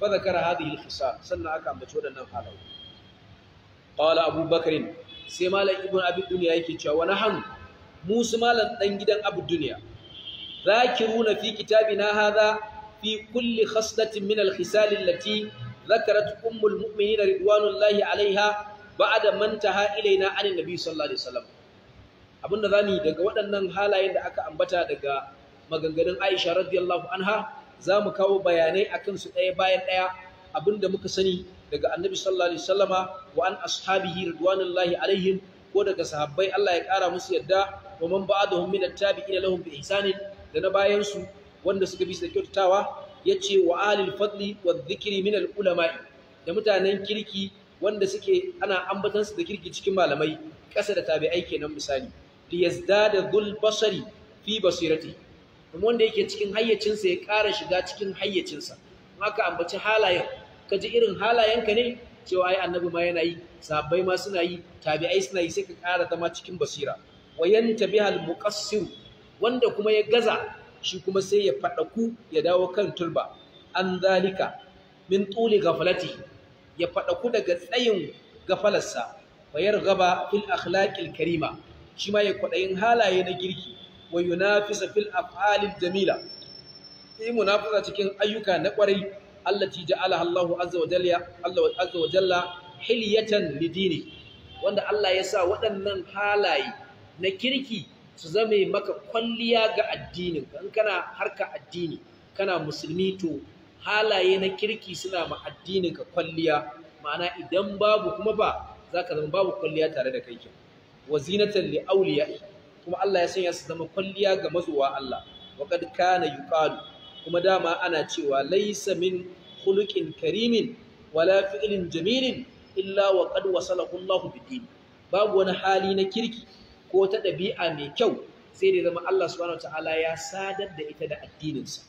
fa zakara hadhihi al-khisal sannan aka ambaci wadannan halayen qala abu sai malam ibn abin duniya yake cewa wa hannu musu malam ɗan gidan Za ki runa fi na hadha fi kulli khaslatin min al-khisal allati ذكرت أم المؤمنين رضوان الله عليها بعد ما انتهى إلينا عن النبي Nabi الله عليه وسلم abinda zamu daga waɗannan halayen da aka ambata daga maganganun Aisha radiyallahu anha mu kawo bayanai akan su ɗaya bayan ɗaya abinda muka sani daga annabi sallallahu alaihi wasallama wa an ashabihi ridwanullahi alaihim ko daga sahabbai Allah ya kara musu yadda wa man ba'dahum min at-tabi'ina lahum bi ihsanin da na bayan su wanda suka bi su da kyautatawa yace wa alil fadli wa dhikri min al-ulama'i da mutanen kirki wanda suke ana ambatan su da kirki cikin malamai kasa da tabi'ai kenan misali li yazdada dhul basari fi basirati kuma wanda yake cikin hayyacinsa ya ƙara shiga cikin hayyacinsa haka ambaci halayen ka ji irin halayenka ne cewa ai annabi ma yana yi sabbai ma suna yi tabi'ai suna yi sai ka ƙara ta ma cikin basira wa yantabihal muqassir wanda kuma ya gaza shi kuma sai ya faɗaku ya dawo kan turba an zalika min tuli gafalati ya faɗaku daga tsayin gafalarsa bayar gaba fil akhlaqil karima shi ma ya kwaɗayin halaye na girki wa yunafisa fil af'alil jamila yi munafisa cikin ayyuka na kwarai. allati ja'alaha Allahu azza wa jalla Allah azza wa jalla hilyatan lidini wanda Allah ya sa waɗannan halaye na kirki su zame maka kwalliya ga addinin in kana harka addini kana musulmi to halaye na kirki suna ma addinin ka kwalliya ma'ana idan babu kuma ba za zama babu kwalliya tare da kai wa zinatan li auliya'i kuma Allah ya sanya su zama kwalliya ga mazuwa Allah wa kad kana yuqalu kuma dama ana cewa laisa min karimin wala fi'lin jamilin illa wa qad wasalahu babu wani hali na kirki ko ta ɗabi'a mai kyau sai da zama Allah subhanahu wataala ya sadar da ita da addininsa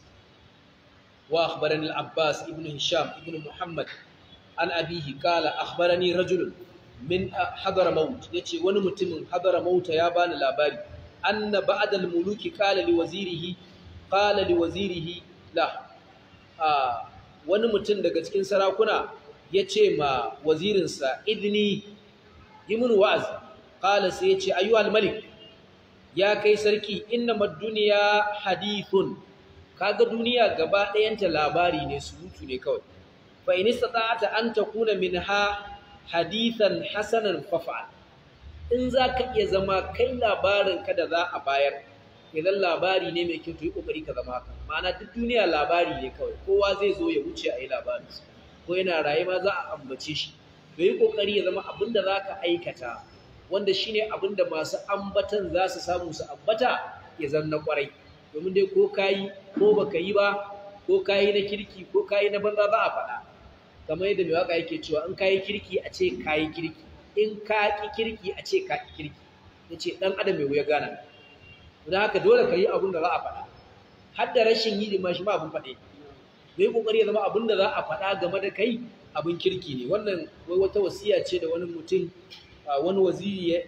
wa akhbarani al-Abbas ibn Hisham ibn Muhammad an abihi qala akhbarani rajulun min Hadramaut yace wani mutumin Hadramaut ya bani labari anna ba'd al-muluki qala li wazirihi qala waziri, wazirihi la a wani mutum daga cikin sarakuna ya ce ma wazirinsa idni yi mun wa'azi qala sai ya ce ayyuhal almalik ya kai sarki inna duniya hadithun kaga duniya gaba ɗayanta labari ne su mutu ne kawai fa in ta an min minha hadithan hasanan fafa'al in za ka iya zama kai labarin ka da za a bayar idan labari ne mai kyau to yi kokari ka zama haka ma'ana duk duniya labari ne kawai kowa zai zo ya wuce a yi labari ko yana rayuwa za a ambace shi to yi kokari ya zama abin da za ka aikata wanda shine abin da masu ambatan za su samu su ambata ya zanna kwarai domin dai ko yi ko baka yi ba ko ka yi na kirki ko ka yi na banza za a faɗa kamar yadda mai waka yake cewa in yi kirki a ce ka yi kirki in ka ƙi kirki a ce ka ƙi kirki ce ɗan adam mai wuya gana Guda haka dole ka yi abin da za a faɗa har da rashin yi ma shi ma abin faɗe yi kokari ya zama abin da za a faɗa game da kai abin kirki ne wannan wai wata wasiya ce da wani mutum wani waziri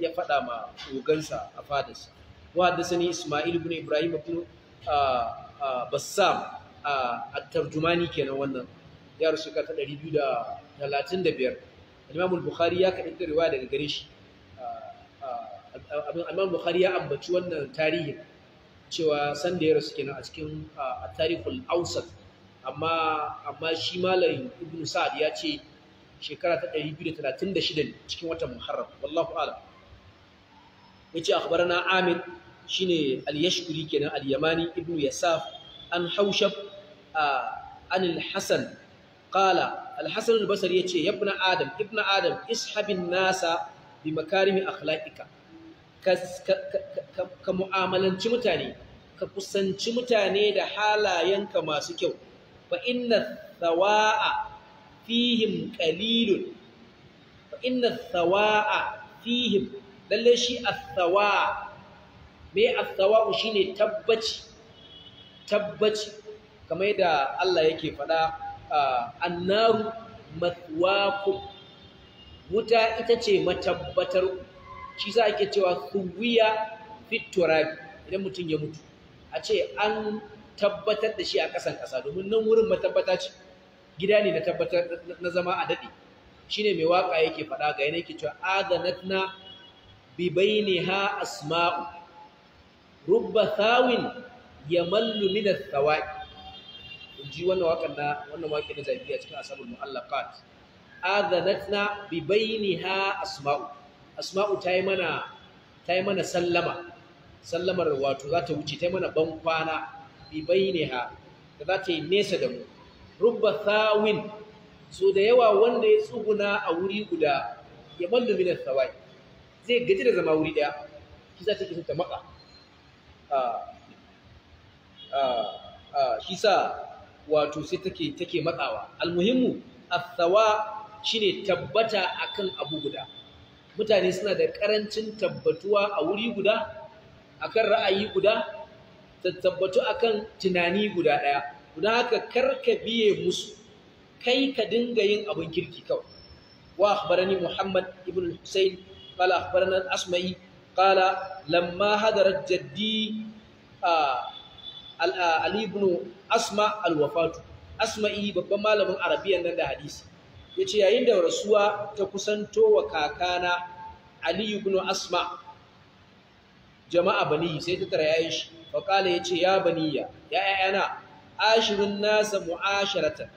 ya faɗa ma ogansa a fadarsa wa sani Ismail ibn Ibrahim ibn Bassam at-Tarjumani kenan wannan ya rusu ka ta 235 Imam bukhari ya kaɗi riwaya daga gare shi Imam Bukhari ya ambaci wannan tarihin cewa san da ya rasu kenan a cikin Tarihul Awsat amma amma shi malamin Ibn Sa'ad ya ce shekara ta 236 ne cikin watan Muharram wallahu a'lam yace akhbarana Amir shine al-Yashkuri kenan al-Yamani Ibn Yasaf an Haushab an al-Hasan qala al-Hasan al-Basri yace ya ibn Adam ibn Adam ishabin nasa bi makarimi akhlaqika ka mu'amalanci mutane ka kusanci mutane da halayenka masu kyau fa inna thawa'a fihim qalilun fa inna thawa'a fihim lalle shi athawa me athawa'u shine tabbaci tabbaci kamar da Allah yake faɗa annaru matwakum wuta ita ce matabbatar shi za ake cewa kuwiya fit idan mutum ya mutu a ce an tabbatar da shi a ƙasan ƙasa domin nan wurin matabbata ce gida ne na tabbatar na zama a daɗe ne mai waƙa yake faɗa ga yana yake cewa adanat adanatna bi ha asma'u rubba thawin mina min in ji wannan waƙan na wannan waƙe na zafiya cikin asabul mu'allaqat adanatna bi ha asma'u asma'u ta yi mana ta yi mana sallama sallamar wato za ta wuce ta yi mana ban kwana bi ha da za ta yi nesa da mu rubba thawin so da yawa wanda ya tsuguna a wuri guda ya mallu minar thawai zai gaji da zama wuri daya shi za ta kisa ta maka shi sa wato sai take take matsawa almuhimmu athawa shine tabbata akan abu guda mutane suna da ƙarancin tabbatuwa a wuri guda akan ra'ayi guda ta tabbatu akan tunani guda ɗaya don haka kar ka biye musu kai ka dinga yin abin kirki kawai wa akhbarani muhammad ibn husayn qala akhbarana asma'i qala lamma hadara jaddi ali ibn asma al-wafatu asma'i babban malamin arabiyan nan da hadisi ya ce yayin da rasuwa ta kusanto wa kakana aliyu bin asma jama'a baniyi sai ta tara yayin shi faƙala ya ce ya baniya ya ‘ya'yana ashirin nasa mu'asharatan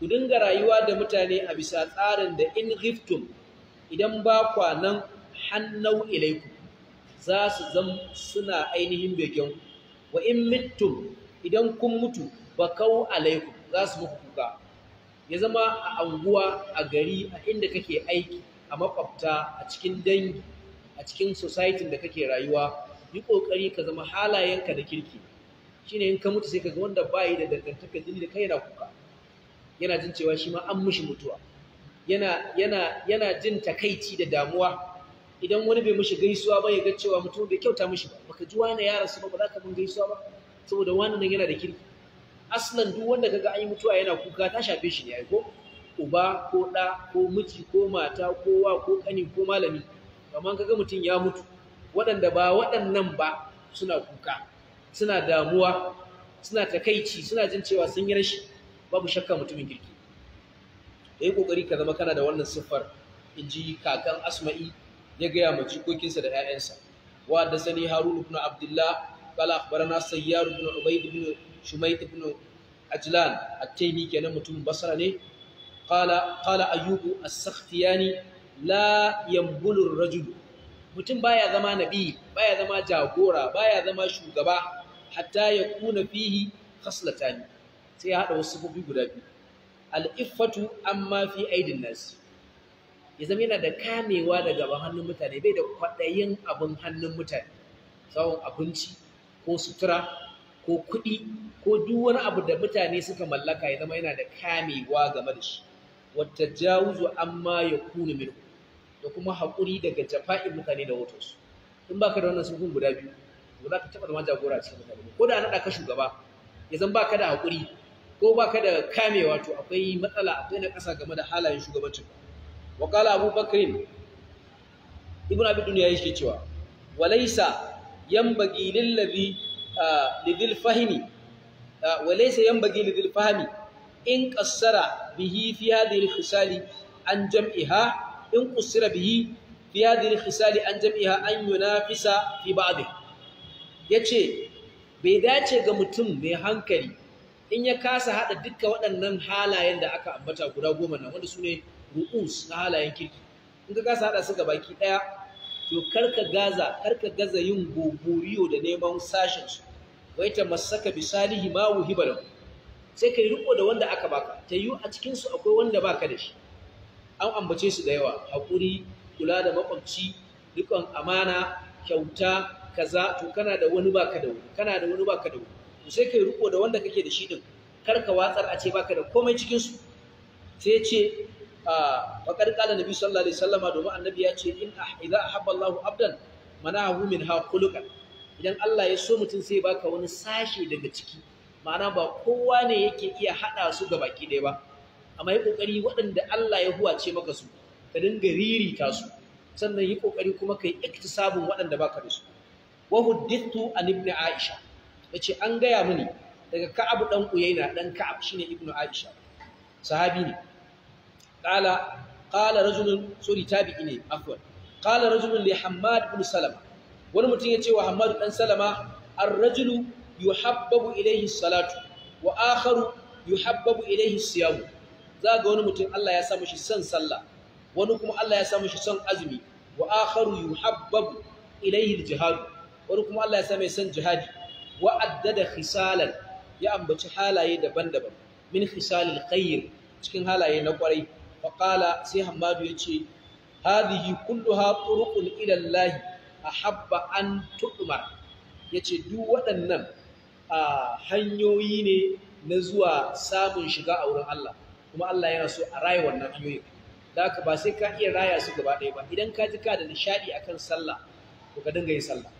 ku dinga rayuwa da mutane a bisa tsarin da in giftum idan ba kwa nan hannau ilaiku za su zan suna ainihin begen wa in mittum idan kun mutu ba kawo alaiku za su muku kuka ya zama a anguwa a gari a inda kake aiki a makwabta a cikin dangi a cikin society da kake rayuwa yi kokari ka zama halayenka da kirki shine in ka mutu sai ka ga wanda bayi da dangantaka jini da kai yana kuka yana jin cewa shi ma an mishi mutuwa yana yana yana jin takaici da damuwa idan wani bai mishi gaisuwa ba ya ga cewa mutum bai kyauta mishi ba baka ji wani ya rasu ba ba za ka bin gaisuwa ba saboda wani nan yana da kirki aslan duk wanda kaga an yi mutuwa yana kuka ta shafe shi ne ko uba ko ɗa ko miji ko mata wa ko kani ko malami amma kaga mutum ya mutu waɗanda ba waɗannan ba suna kuka suna damuwa suna takaici suna jin cewa sun yi rashi babu shakka mutumin kirki da yi ƙoƙari ka zama kana da wannan siffar in ji kakan asma'i ya gaya ma jikokinsa da 'ya'yansa wa da sani harun ibn abdullah قال أخبرنا سيار بن عبيد بن shumai ibn ajlan at-taymi kenan mutumin basra ne qala qala ayyubu as-sakhtiyani la yanbulu ar-rajul mutum baya zama nabi baya zama jagora baya zama shugaba hatta ya kuna fihi khaslatani sai ya haɗa wasu fufi guda biyu al-iffatu amma fi aidin nas ya zama yana da kamewa daga hannun mutane bai da kwaɗayin abin hannun mutane tsawon abinci ko sutura ko kuɗi ko duk wani abu da mutane suka mallaka ya zama yana da kamewa game da shi wata jawuzu amma ya kunu min da kuma haƙuri daga jafa'in mutane da watansu in baka da wannan sukun guda biyu ba za ka taɓa zama jagora a cikin mutane ko da naɗa ka shugaba ya zan baka da haƙuri ko baka da kamewa to akwai matsala akwai na ƙasa game da halayen shugabancin wa qala abu bakrin abi duniya yake cewa walaysa Yambagi, lil ladhi ah, fahimi وليس ينبغي in الفهم bihi fi hadhihi al-khisali an jam'iha in إن bihi fi hadhihi al-khisali an jam'iha an yunafisa في ba'dih yace bai dace ga mutum mai hankali in ya kasa hada dukkan waɗannan halayen da aka ambata guda goma nan wanda su ru'us na halayen kirki in ka kasa hada su ga baki ɗaya to karka gaza karka gaza yin goburiyo da neman sashen su wai ta masaka bi salihi ma wuhiba lahu sai kai riko da wanda aka baka ta yiwu a cikin su akwai wanda baka da shi an ambace su da yawa hakuri kula da makwabci rikon amana kyauta kaza to kana da wani baka da wani kana da wani baka da wani to sai kai riko da wanda kake da shi din kar ka watsar a ce baka da komai cikin su sai ce a ah, faƙar ƙala nabi sallallahu alaihi wasallama domin annabi ya ce in idza ahabba Allahu abdan manahu minha khuluqan idan Allah ya so mutum sai baka wani sashe daga ciki ma'ana ba kowa ne yake iya hada su ga baki ɗaya ba amma yi ƙoƙari waɗanda Allah ya huwace maka su ka dinga ririta su sannan yi ƙoƙari kuma ka yi iktisabin waɗanda baka da su wa huddithu an ibn Aisha yace an gaya mini daga Ka'ab dan Uyayna dan Ka'ab shine ibn Aisha sahabi ne qala qala rajulun suri tabi'i ne afwan qala rajulun li Hammad ibn Salama wani mutum ya ce wa Hamadu dan Salama arrajulu rajulu yuhabbabu ilaihi salatu wa akharu za ga wani mutum Allah ya sa mishi son sallah wani kuma Allah ya sa mishi son azumi wa akharu yuhabbabu ilayhi ilaihi jihad wani kuma Allah ya sa mai son jihadi wa addada khisalan ya ambaci halaye daban-daban min khisalil khayr cikin halaye na kwarai fa qala sai Hamadu yace hadhihi kulluha turuqun ila Allah ahabba an tu'mar yace duk waɗannan hanyoyi ne na zuwa samun shiga a wurin Allah kuma Allah yana so a raya wannan hanyoyi da ba sai ka iya raya su gaba ɗaya ba idan ka ji ka da nishaɗi akan sallah to ka dinga yin sallah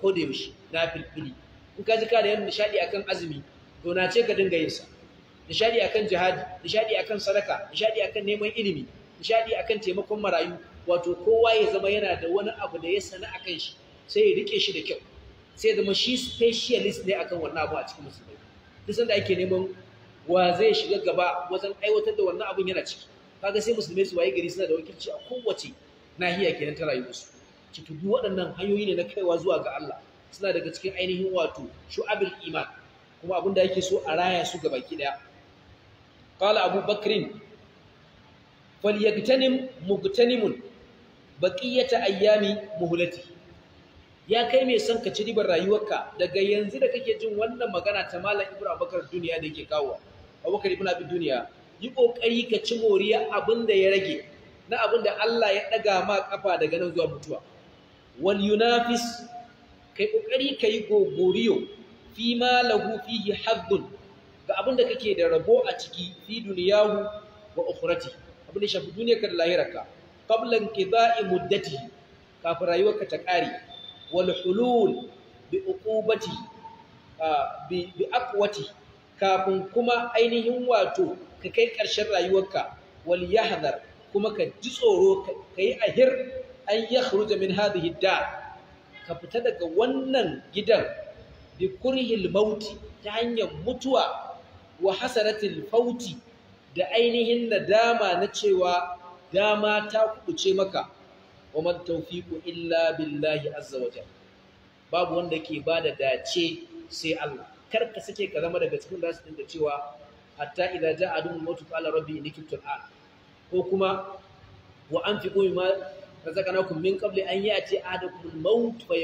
ko da yaushe na filfili in ka ji ka da yin nishaɗi akan azumi to na ce ka dinga yin sa nishaɗi akan jihadi nishaɗi akan sadaka nishaɗi akan neman ilimi nishaɗi akan taimakon marayu wato kowa ya zama yana da wani abu da ya sana a kan shi sai ya rike shi da kyau sai zama shi specialist ne akan wannan abu a cikin musulmai duk sanda ake neman wa zai shiga gaba wajen aiwatar da wannan abun yana ciki kaga sai musulmai su waye gari suna da wakilci a kowace nahiya kenan ta rayuwarsu ki tudu waɗannan hanyoyi ne na kaiwa zuwa ga Allah suna daga cikin ainihin wato shu'abul iman kuma abin da yake so a raya su ga baki daya qala abu bakrin baqiyata ayyami muhlati ya kai mai son ka ci ribar rayuwarka daga yanzu da kake jin wannan magana ta malam Ibrahim Abubakar duniya da yake kawo Abubakar ibn Abi duniya yi kokari ka ci moriya abinda ya rage na abinda Allah ya ɗaga ma kafa daga nan zuwa mutuwa Wani yunafis kai kokari kai gogoriyo fi ma lahu fihi haddun ga abinda kake da rabo a ciki fi duniyahu wa abin da shafi duniyarka da lahirarka qabla inqida'i muddatihi kafin rayuwarka ta kare wal hulul bi uqubati bi bi aqwati kafin kuma ainihin wato ka kai ƙarshen rayuwarka wal yahdhar kuma ka ji tsoro ka yi ahir an yakhruja min hadhihi dar ka fita daga wannan gidan bi kurhil mauti ta hanyar mutuwa wa hasaratil fauti da ainihin nadama na cewa dama ta kuɓuce maka wa man illa billahi azza wa babu wanda ke bada dace sai Allah kar ka sake ka zama daga cikin rasu da cewa hatta idza ja'a adun mautu qala rabbi inni kuntu al ko kuma wa anfiqu mimma razaqnakum min qabli an ya'ti ahadakum al-maut fa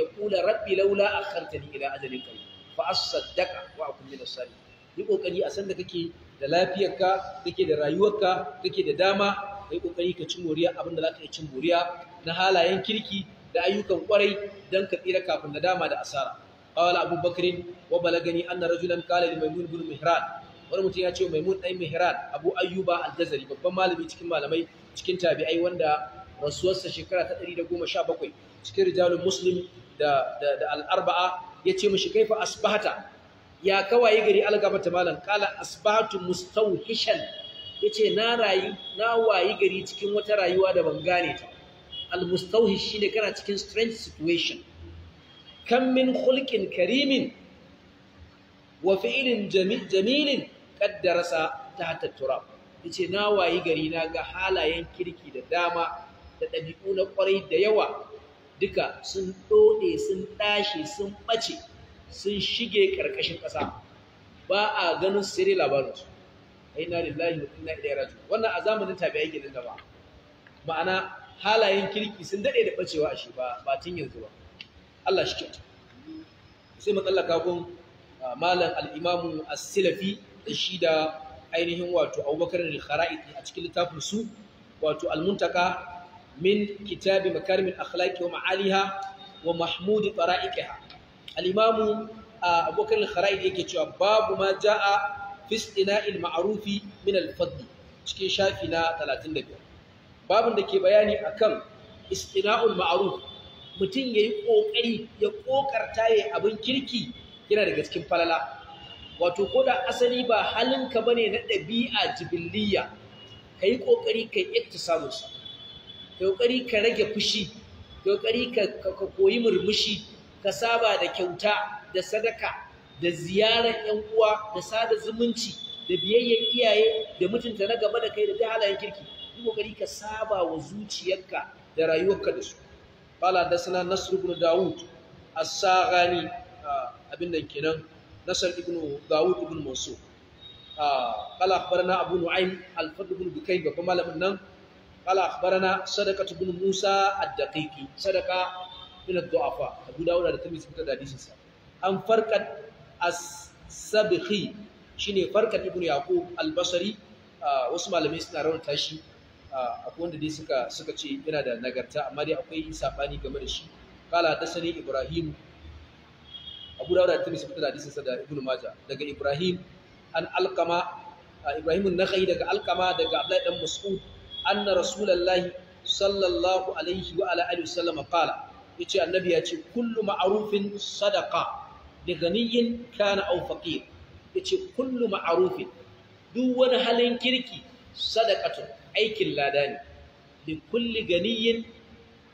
rabbi laula a ila ajalin qarib fa asaddaqa wa a min as yi kokari a san da kake da lafiyarka kake da rayuwarka kake da dama ka yi kokari ka ci moriya abin da za ka yi cin moriya na halayen kirki da ayyukan kwarai don ka tsira kafin na dama da asara qala abu bakrin wa balagani anna rajulan qala li maimun bin mihran wani mutum ya ce maimun ɗan mihran abu ayyuba al-jazari babban malami cikin malamai cikin tabi'ai wanda rasuwarsa shekara ta ɗari da goma sha 117 cikin rijalun muslim da da ya ce yace mishi kaifa asbahata ya kawaye gari algaba ta malam qala asbahatu mustawhishan yace na na wayi gari cikin wata rayuwa da ban gane ta al shi shine kana cikin strange situation kam min khulqin karimin wa fi'lin jamilin qaddarasa tahta turab yace na wayi gari na ga halayen kirki da dama da ɗabi'u na kwarai da yawa duka sun dode sun tashi sun ɓace sun shige ƙarƙashin ƙasa. ba a ganin sirri labarinsu inna lillahi wa inna ilaihi raji'un wannan a zamanin tabi'ai kenan da ba ma'ana halayen kirki sun dade da bacewa a shi ba ba tun yanzu ba Allah shi kyauta sai matsalaka kun malam al-imamu as salafi da shi da ainihin wato Abubakar al-Kharaiti a cikin littafin su wato al-muntaka min kitabi makarim al-akhlaq wa ma'aliha wa mahmud tara'iqiha al-imamu Abubakar al-Kharaiti yake cewa babu ma jaa fi istina'il ma'arufi min al cikin shafi na 35 babin da ke bayani akan istina'ul ma'ruf mutum yayi kokari ya kokarta yayi abin kirki yana daga cikin falala wato koda asali ba halin ka bane na dabi'a jibilliya kai kokari kai iktisamu sa kokari ka rage fushi kai kokari ka koyi murmushi ka saba da kyauta da sadaka da ziyarar ‘yan uwa da sada zumunci da biyayyar iyaye da mutunta na gaba da kai da halayen kirki yi kokari ka saba wa zuciyarka da rayuwarka da su da sana nasr ibn daud as-saghani abin nan kenan nasr ibn daud ibn mansur qala akhbarana abu nu'aym al-fadl ibn bukayb babban malamin nan qala akhbarana sadaqat ibn musa ad-daqiqi sadaqa min ad-du'afa abu daud da tamiz bin hadisin sa an farkat as-sabhi shine farkan ibnu yaqub al-basri ah, wasu malamai suna raunta shi ah, akwai wanda dai suka suka ce yana da nagarta amma dai akwai sabani game da shi qala dasani ibrahim abu dawud at tirmidhi da hadisin sa da ibnu majah daga ibrahim an alqama ah, ibrahim an-nakhai daga alqama daga abdullahi dan mas'ud anna rasulullahi sallallahu alaihi wa ala alihi wasallam qala yace annabi ya ce kullu ma'rufin sadaqa da ganiyin kana au ya yace kullu ma'arufin duk wani halin kirki sadaqatun aikin lada ne da kulli ganiyin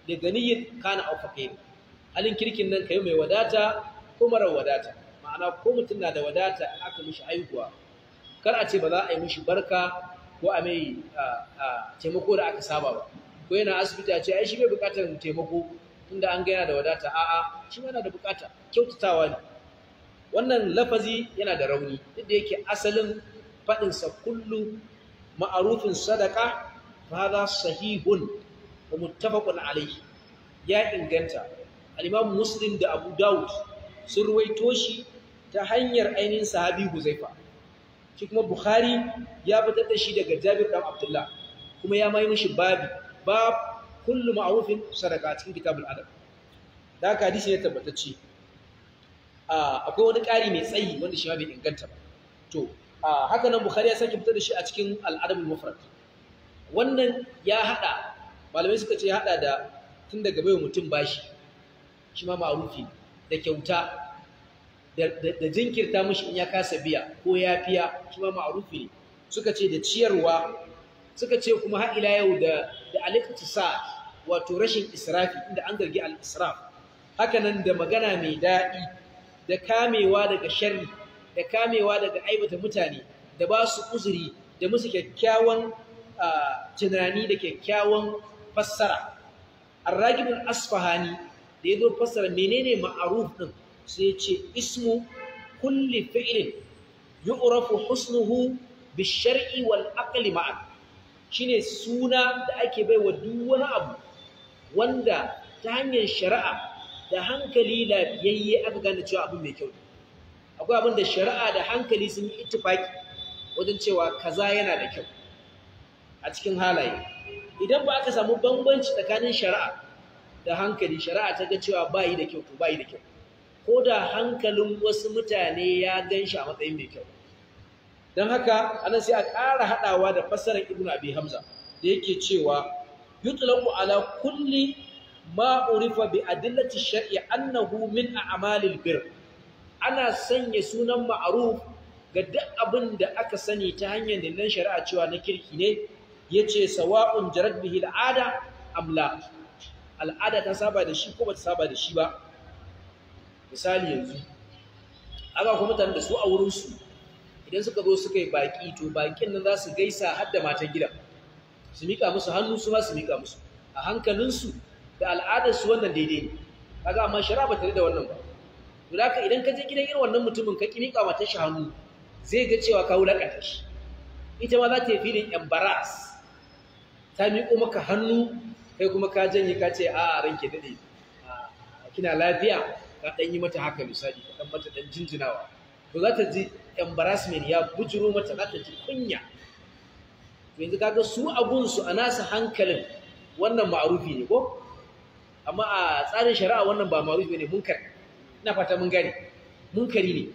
da ganiyin kana au faƙir halin kirkin nan ka kai mai wadata ko marar wadata ma'ana ko mutum na da wadata aka mishi haihuwa kar a ce ba za a yi mishi barka ko a mai taimako da aka saba ba ko yana asibiti a ce ai shi mai bukatar taimako tunda an gaya da wadata a'a shi yana da bukata kyautatawa ne wannan lafazi yana da rauni duk da yake asalin faɗinsa kullu ma'arufin sadaka ba fada sahihun wa muttafaqun alayhi ya inganta alimamu Muslim da Abu Dawud sun ruwaito shi ta hanyar ainihin sahabi Huzaifa shi kuma Bukhari ya fitar da shi daga Jabir dan Abdullah kuma ya mai mishi babi Ba kullu ma'arufin sadaka cikin kitabul adam da aka hadisi ne tabbatacce akwai wani ƙari mai tsayi wanda shi ma bai inganta ba to haka nan bukhari ya sake fitar da shi a cikin al'adabul mufrad wannan ya hada malamai suka ce ya hada da tun daga baiwa mutum bashi shi ma ma'rufi da kyauta da jinkirta mishi in ya kasa biya ko yafiya shi ma ma'rufi ne suka ce da ciyarwa suka ce kuma ha'ila yau da da al sa, wato rashin israfi inda an gargi al-israf haka nan da magana mai daɗi da kamewa daga sharri da kamewa daga aibata mutane da ba su uzuri da musu kyakkyawan tunani da kyakkyawan fassara arragibin asfahani da ya zo fassara menene ma'aruf ɗin sai ce ismu kulli fi'lin yu'rafu husnuhu bishar'i wal aqli ma'a shine suna da ake baiwa duk wani abu wanda ta hanyar shari'a da hankali lafiyayye aka gane cewa abin mai kyau akwai abin da shari'a da hankali sun yi itifaki wajen cewa kaza yana da kyau a cikin halaye idan ba aka samu bambanci tsakanin shari'a da hankali shari'a ta ga cewa bayi da kyau to bayi da kyau ko da hankalin wasu mutane ya gan shi a matsayin mai kyau don haka ana sai a ƙara haɗawa da fassarar ibnu abi hamza da yake cewa yutlaqu ala kulli ma urifa bi adillati shar'i annahu min a'malil bir ana sanya sunan ma'ruf ga duk abin da aka sani ta hanyar dindin shari'a cewa na kirki ne yace sawa'un jarad bihi al'ada amla al'ada ta saba da shi ko ba ta saba da shi ba misali yanzu aka kuma mutane da su a wurin su idan suka zo suka yi baki to bakin nan za su gaisa har da matan gidan su mika musu hannu su ma su mika musu a hankalinsu da al'adar su wannan daidai ne kaga amma shara ba tare da wannan ba to haka idan ka je gidan irin wannan mutumin ka ki miƙa mata shi hannu zai ga cewa ka wulakanta shi ita ma za ta yi filin embarrass ta miƙo maka hannu kai kuma ka janye ka ce a ranke daɗe kina lafiya ka ɗan yi mata haka misali ka ɗan mata ɗan jinjinawa to za ta ji embarrassment ya bujuro mata za ta ji kunya yanzu kaga su abunsu a nasa hankalin wannan ma'arufi ne ko amma a tsarin shari'a wannan ba maruf bane munkar ina fata mun gane munkari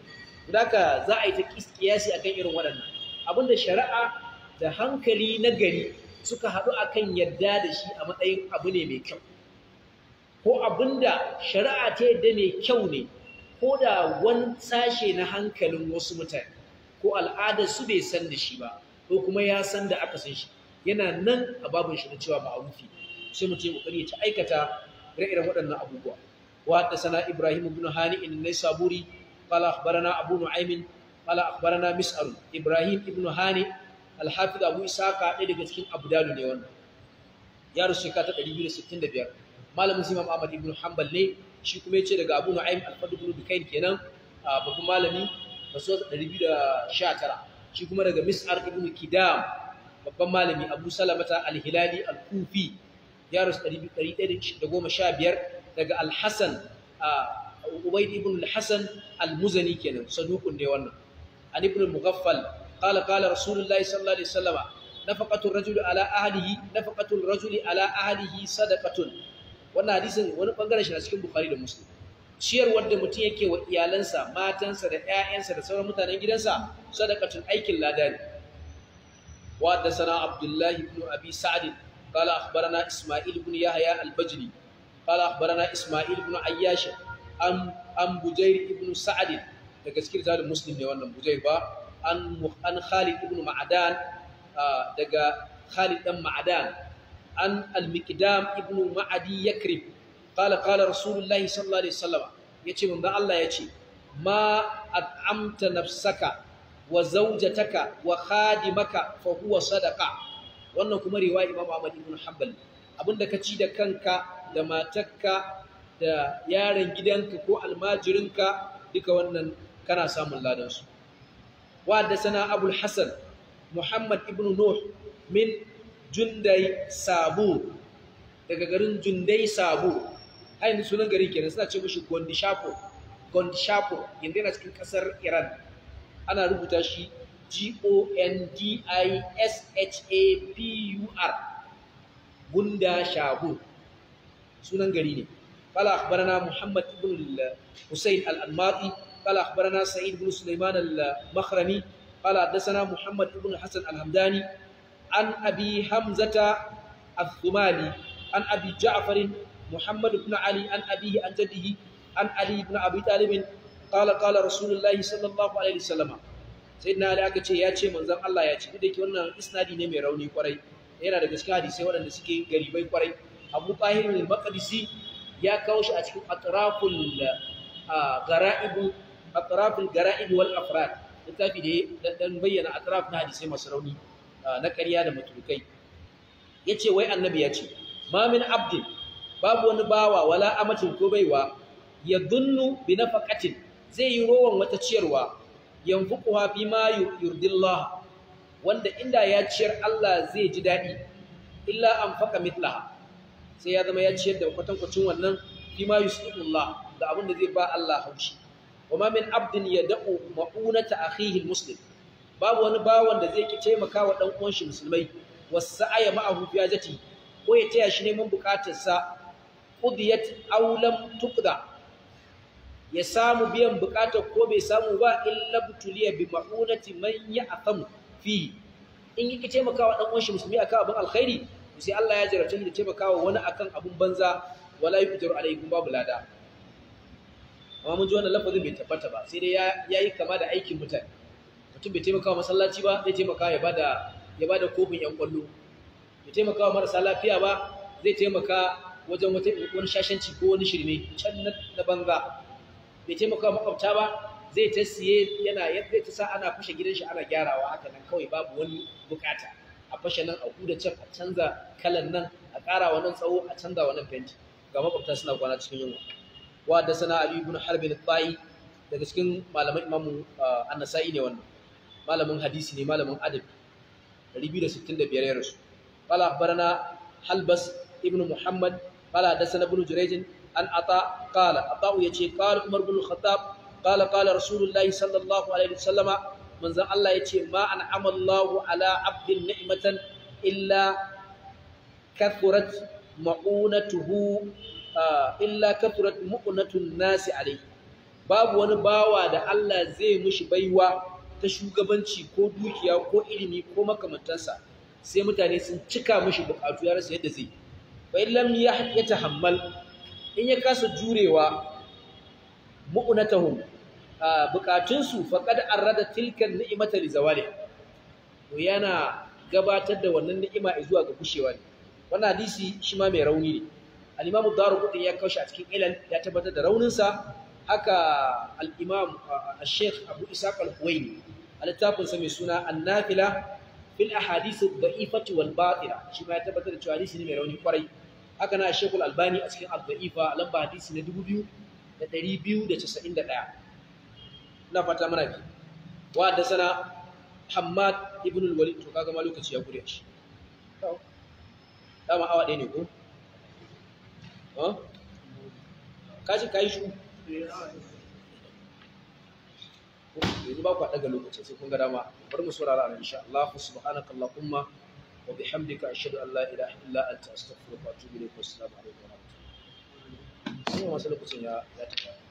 ne haka za a yi ta kiyasi akan irin waɗannan abinda shari'a da hankali na gari suka haɗu akan yadda da shi a matsayin abu ne mai kyau ko abinda shari'a ta yadda mai kyau ne ko da wani sashe na hankalin wasu mutane ko al'adar su bai san da shi ba ko kuma ya san da aka san shi yana nan a babin shi na cewa ma'arufi sai mutum ya ƙoƙari ya ci aikata ire-iren waɗannan abubuwa wa sana ibrahim ibn hani in nay saburi qala akhbarana abu qala akhbarana mis'ar ibrahim ibn hani al-hafiz abu isaka ɗaya daga cikin abdalu ne wannan ya rusu ta 265 malamin imam ahmad ibn hanbal ne shi kuma yace daga abu nu'aym al-fadl ibn kenan babban malami 219 shi kuma daga mis'ar ibn kidam babban malami abu salamata al-hilali al-kufi ya rasu 115 daga al-Hasan Ubayd ibn AlHassan AlMuzani kenan sadukun dai wannan an ibn Mughaffal qala qala Rasulullahi sallallahu alaihi wasallam nafaqatul rajuli ala ahlihi nafaqatul rajuli ala ahlihi sadaqatun wannan hadisin wani bangare shi a cikin Bukhari da Muslim Ciyar da mutum yake wa iyalansa matansa da 'ya'yansa da sauran mutanen gidansa sadakatun aikin lada ne wa da sana abdullahi ibn abi sa'd قال أخبرنا إسماعيل بن يحيى البجلي قال أخبرنا إسماعيل بن عياش أم أم بجير بن سعد تذكر ذلك مسلم يا ولد بجير با أن أن خالد بن معدان دقا خالد بن معدان أن المقدام ابن معدي يكرم قال قال رسول الله صلى الله عليه وسلم يتي من الله يتي ما أطعمت نفسك وزوجتك وخادمك فهو صدقه wannan kuma Rewa, Imam Ahmad ibn Hanbal abinda ka ci da kanka da matarka da yaron gidanka ko almajirinka duka wannan kana samun ladan su wa da sana abul hasan Muhammad ibn Nuh min Jundai Sabu daga garin Jundai Sabu ni sunan garin kenan suna ce mishi Gondishapo Gondishapo yanda yana cikin kasar Iran ana rubuta shi G-O-N-D-I-S-H-A-P-U-R Gunda Shahur sunan gari ne Falah barana Muhammad ibn Hussein al’Amadi Falah barana Sa’id ibn Sulaiman al-Makhrami Falah dasana Muhammad ibn Hassan al-Hamdani An abi Hamzata al-Thumali An abi Ja’afarin Muhammad ibn Ali An abi an jaddihi An Ali ibn Abi Talibin Ƙala ƙala Rasulullahi sallallahu Alaihi Wasallama sai na da aka ce ya ce manzon Allah ya ce duk da ke wannan isnadi ne mai rauni kwarai yana da gaske hadisai waɗanda suke garibai kwarai abu tahir al ya kawo shi a cikin atraful gara'ib atraful gara'ib wal afrad littafi da ɗan bayyana atraf hadisai masu rauni na ƙarya da matukai yace wai annabi ya ce Mamin abdin babu wani bawa wala amatin ko baiwa ya dunnu bi nafaqatin zai yi rowan wata ciyarwa yanfuquha ma yurdillah wanda inda ya ciyar Allah zai ji daɗi, illa faka mitlaha, sai ya zama ya ciyar da kwacin wannan bima yusibullah da abin da zai ba Allah haushi wama min abdin da'u ma'unata akhihi muslim babu wani bawan da zai ki taimaka wa dan uwan shi musulmai wasa'aya ma'ahu fi ajati ko ya taya shi neman bukatarsa qudiyat aw lam tuqda ya samu biyan bukatar ko bai samu ba illa butuliya bi ma'unati man ya akam fi in yi taimakawa dan uwan shi musulmi akan abin alkhairi sai Allah ya jarabce shi da taimakawa wani akan abin banza wala yuqdiru alaikum babu lada amma mun ji wannan lafazin bai tabbata ba sai dai ya yi kama da aikin mutane mutum bai taimakawa masallaci ba zai taimaka ya bada ya bada kofin yan kwallo bai taimakawa marasa lafiya ba zai taimaka wajen wata wani shashanci ko wani shirme can na banza bai taimaka makwabta ba zai ta siye yana yadda ta sa ana fashe gidan shi ana gyarawa haka nan kawai babu wani bukata a fashe nan a kuda can a canza kalan nan a ƙara nan tsawo a canza wa nan fenti ga makwabta suna kwana cikin yunwa wa da sana abi ibn harbi al-qai daga cikin malaman imamu ah, an-nasa'i ne wannan malamin hadisi ne malamin adabi 265 ya rasu qala akhbarana halbas ibn muhammad qala da sana ibn jurayj an ata qala ata yace qala umar bin khattab qala qala rasulullahi sallallahu alaihi wasallama manzon Allah ya ce ma an amallahu ala abdin ni'matan illa kathurat ma'unatuhu nasi alaihi babu wani bawa da Allah zai mushi baiwa ta shugabanci ko dukiya ko ilimi ko makamantansa sai mutane sun cika mashi buƙatu ya rasa yadda zai bai lam ya tahammal in ya kasa jurewa mu'unatahum bukatunsu faqad arrada tilka ni'mata li zawali to yana gabatar da wannan ni'ima zuwa ga kushewa ne wannan hadisi shi ma mai rauni ne al-imam ad-daruqutni ya kaushe a cikin ilal ya tabbatar da rauninsa haka al-imam al-sheikh abu isaq al-huwaini a littafinsa mai suna an-nafila fil ahadith ad daifah wal ba'ira shi ma ya tabbatar da cewa hadisi ne mai rauni kwarai haka na shekul albani a cikin al lamba hadisi na 2291 na fata mana biyu. wa da sana hamad ibn walid to kaga ma lokaci ya gure shi dama awa ɗaya ne ko kaji yi shu yanzu ba ku ga lokacin sai kun ga dama bar mu saurara insha Allah subhanakallahumma وبحمدك أشهد أن لا إله إلا أنت أستغفرك وأتوب إليك والسلام عليكم ورحمة الله. سيما سلكتني يا تكلم.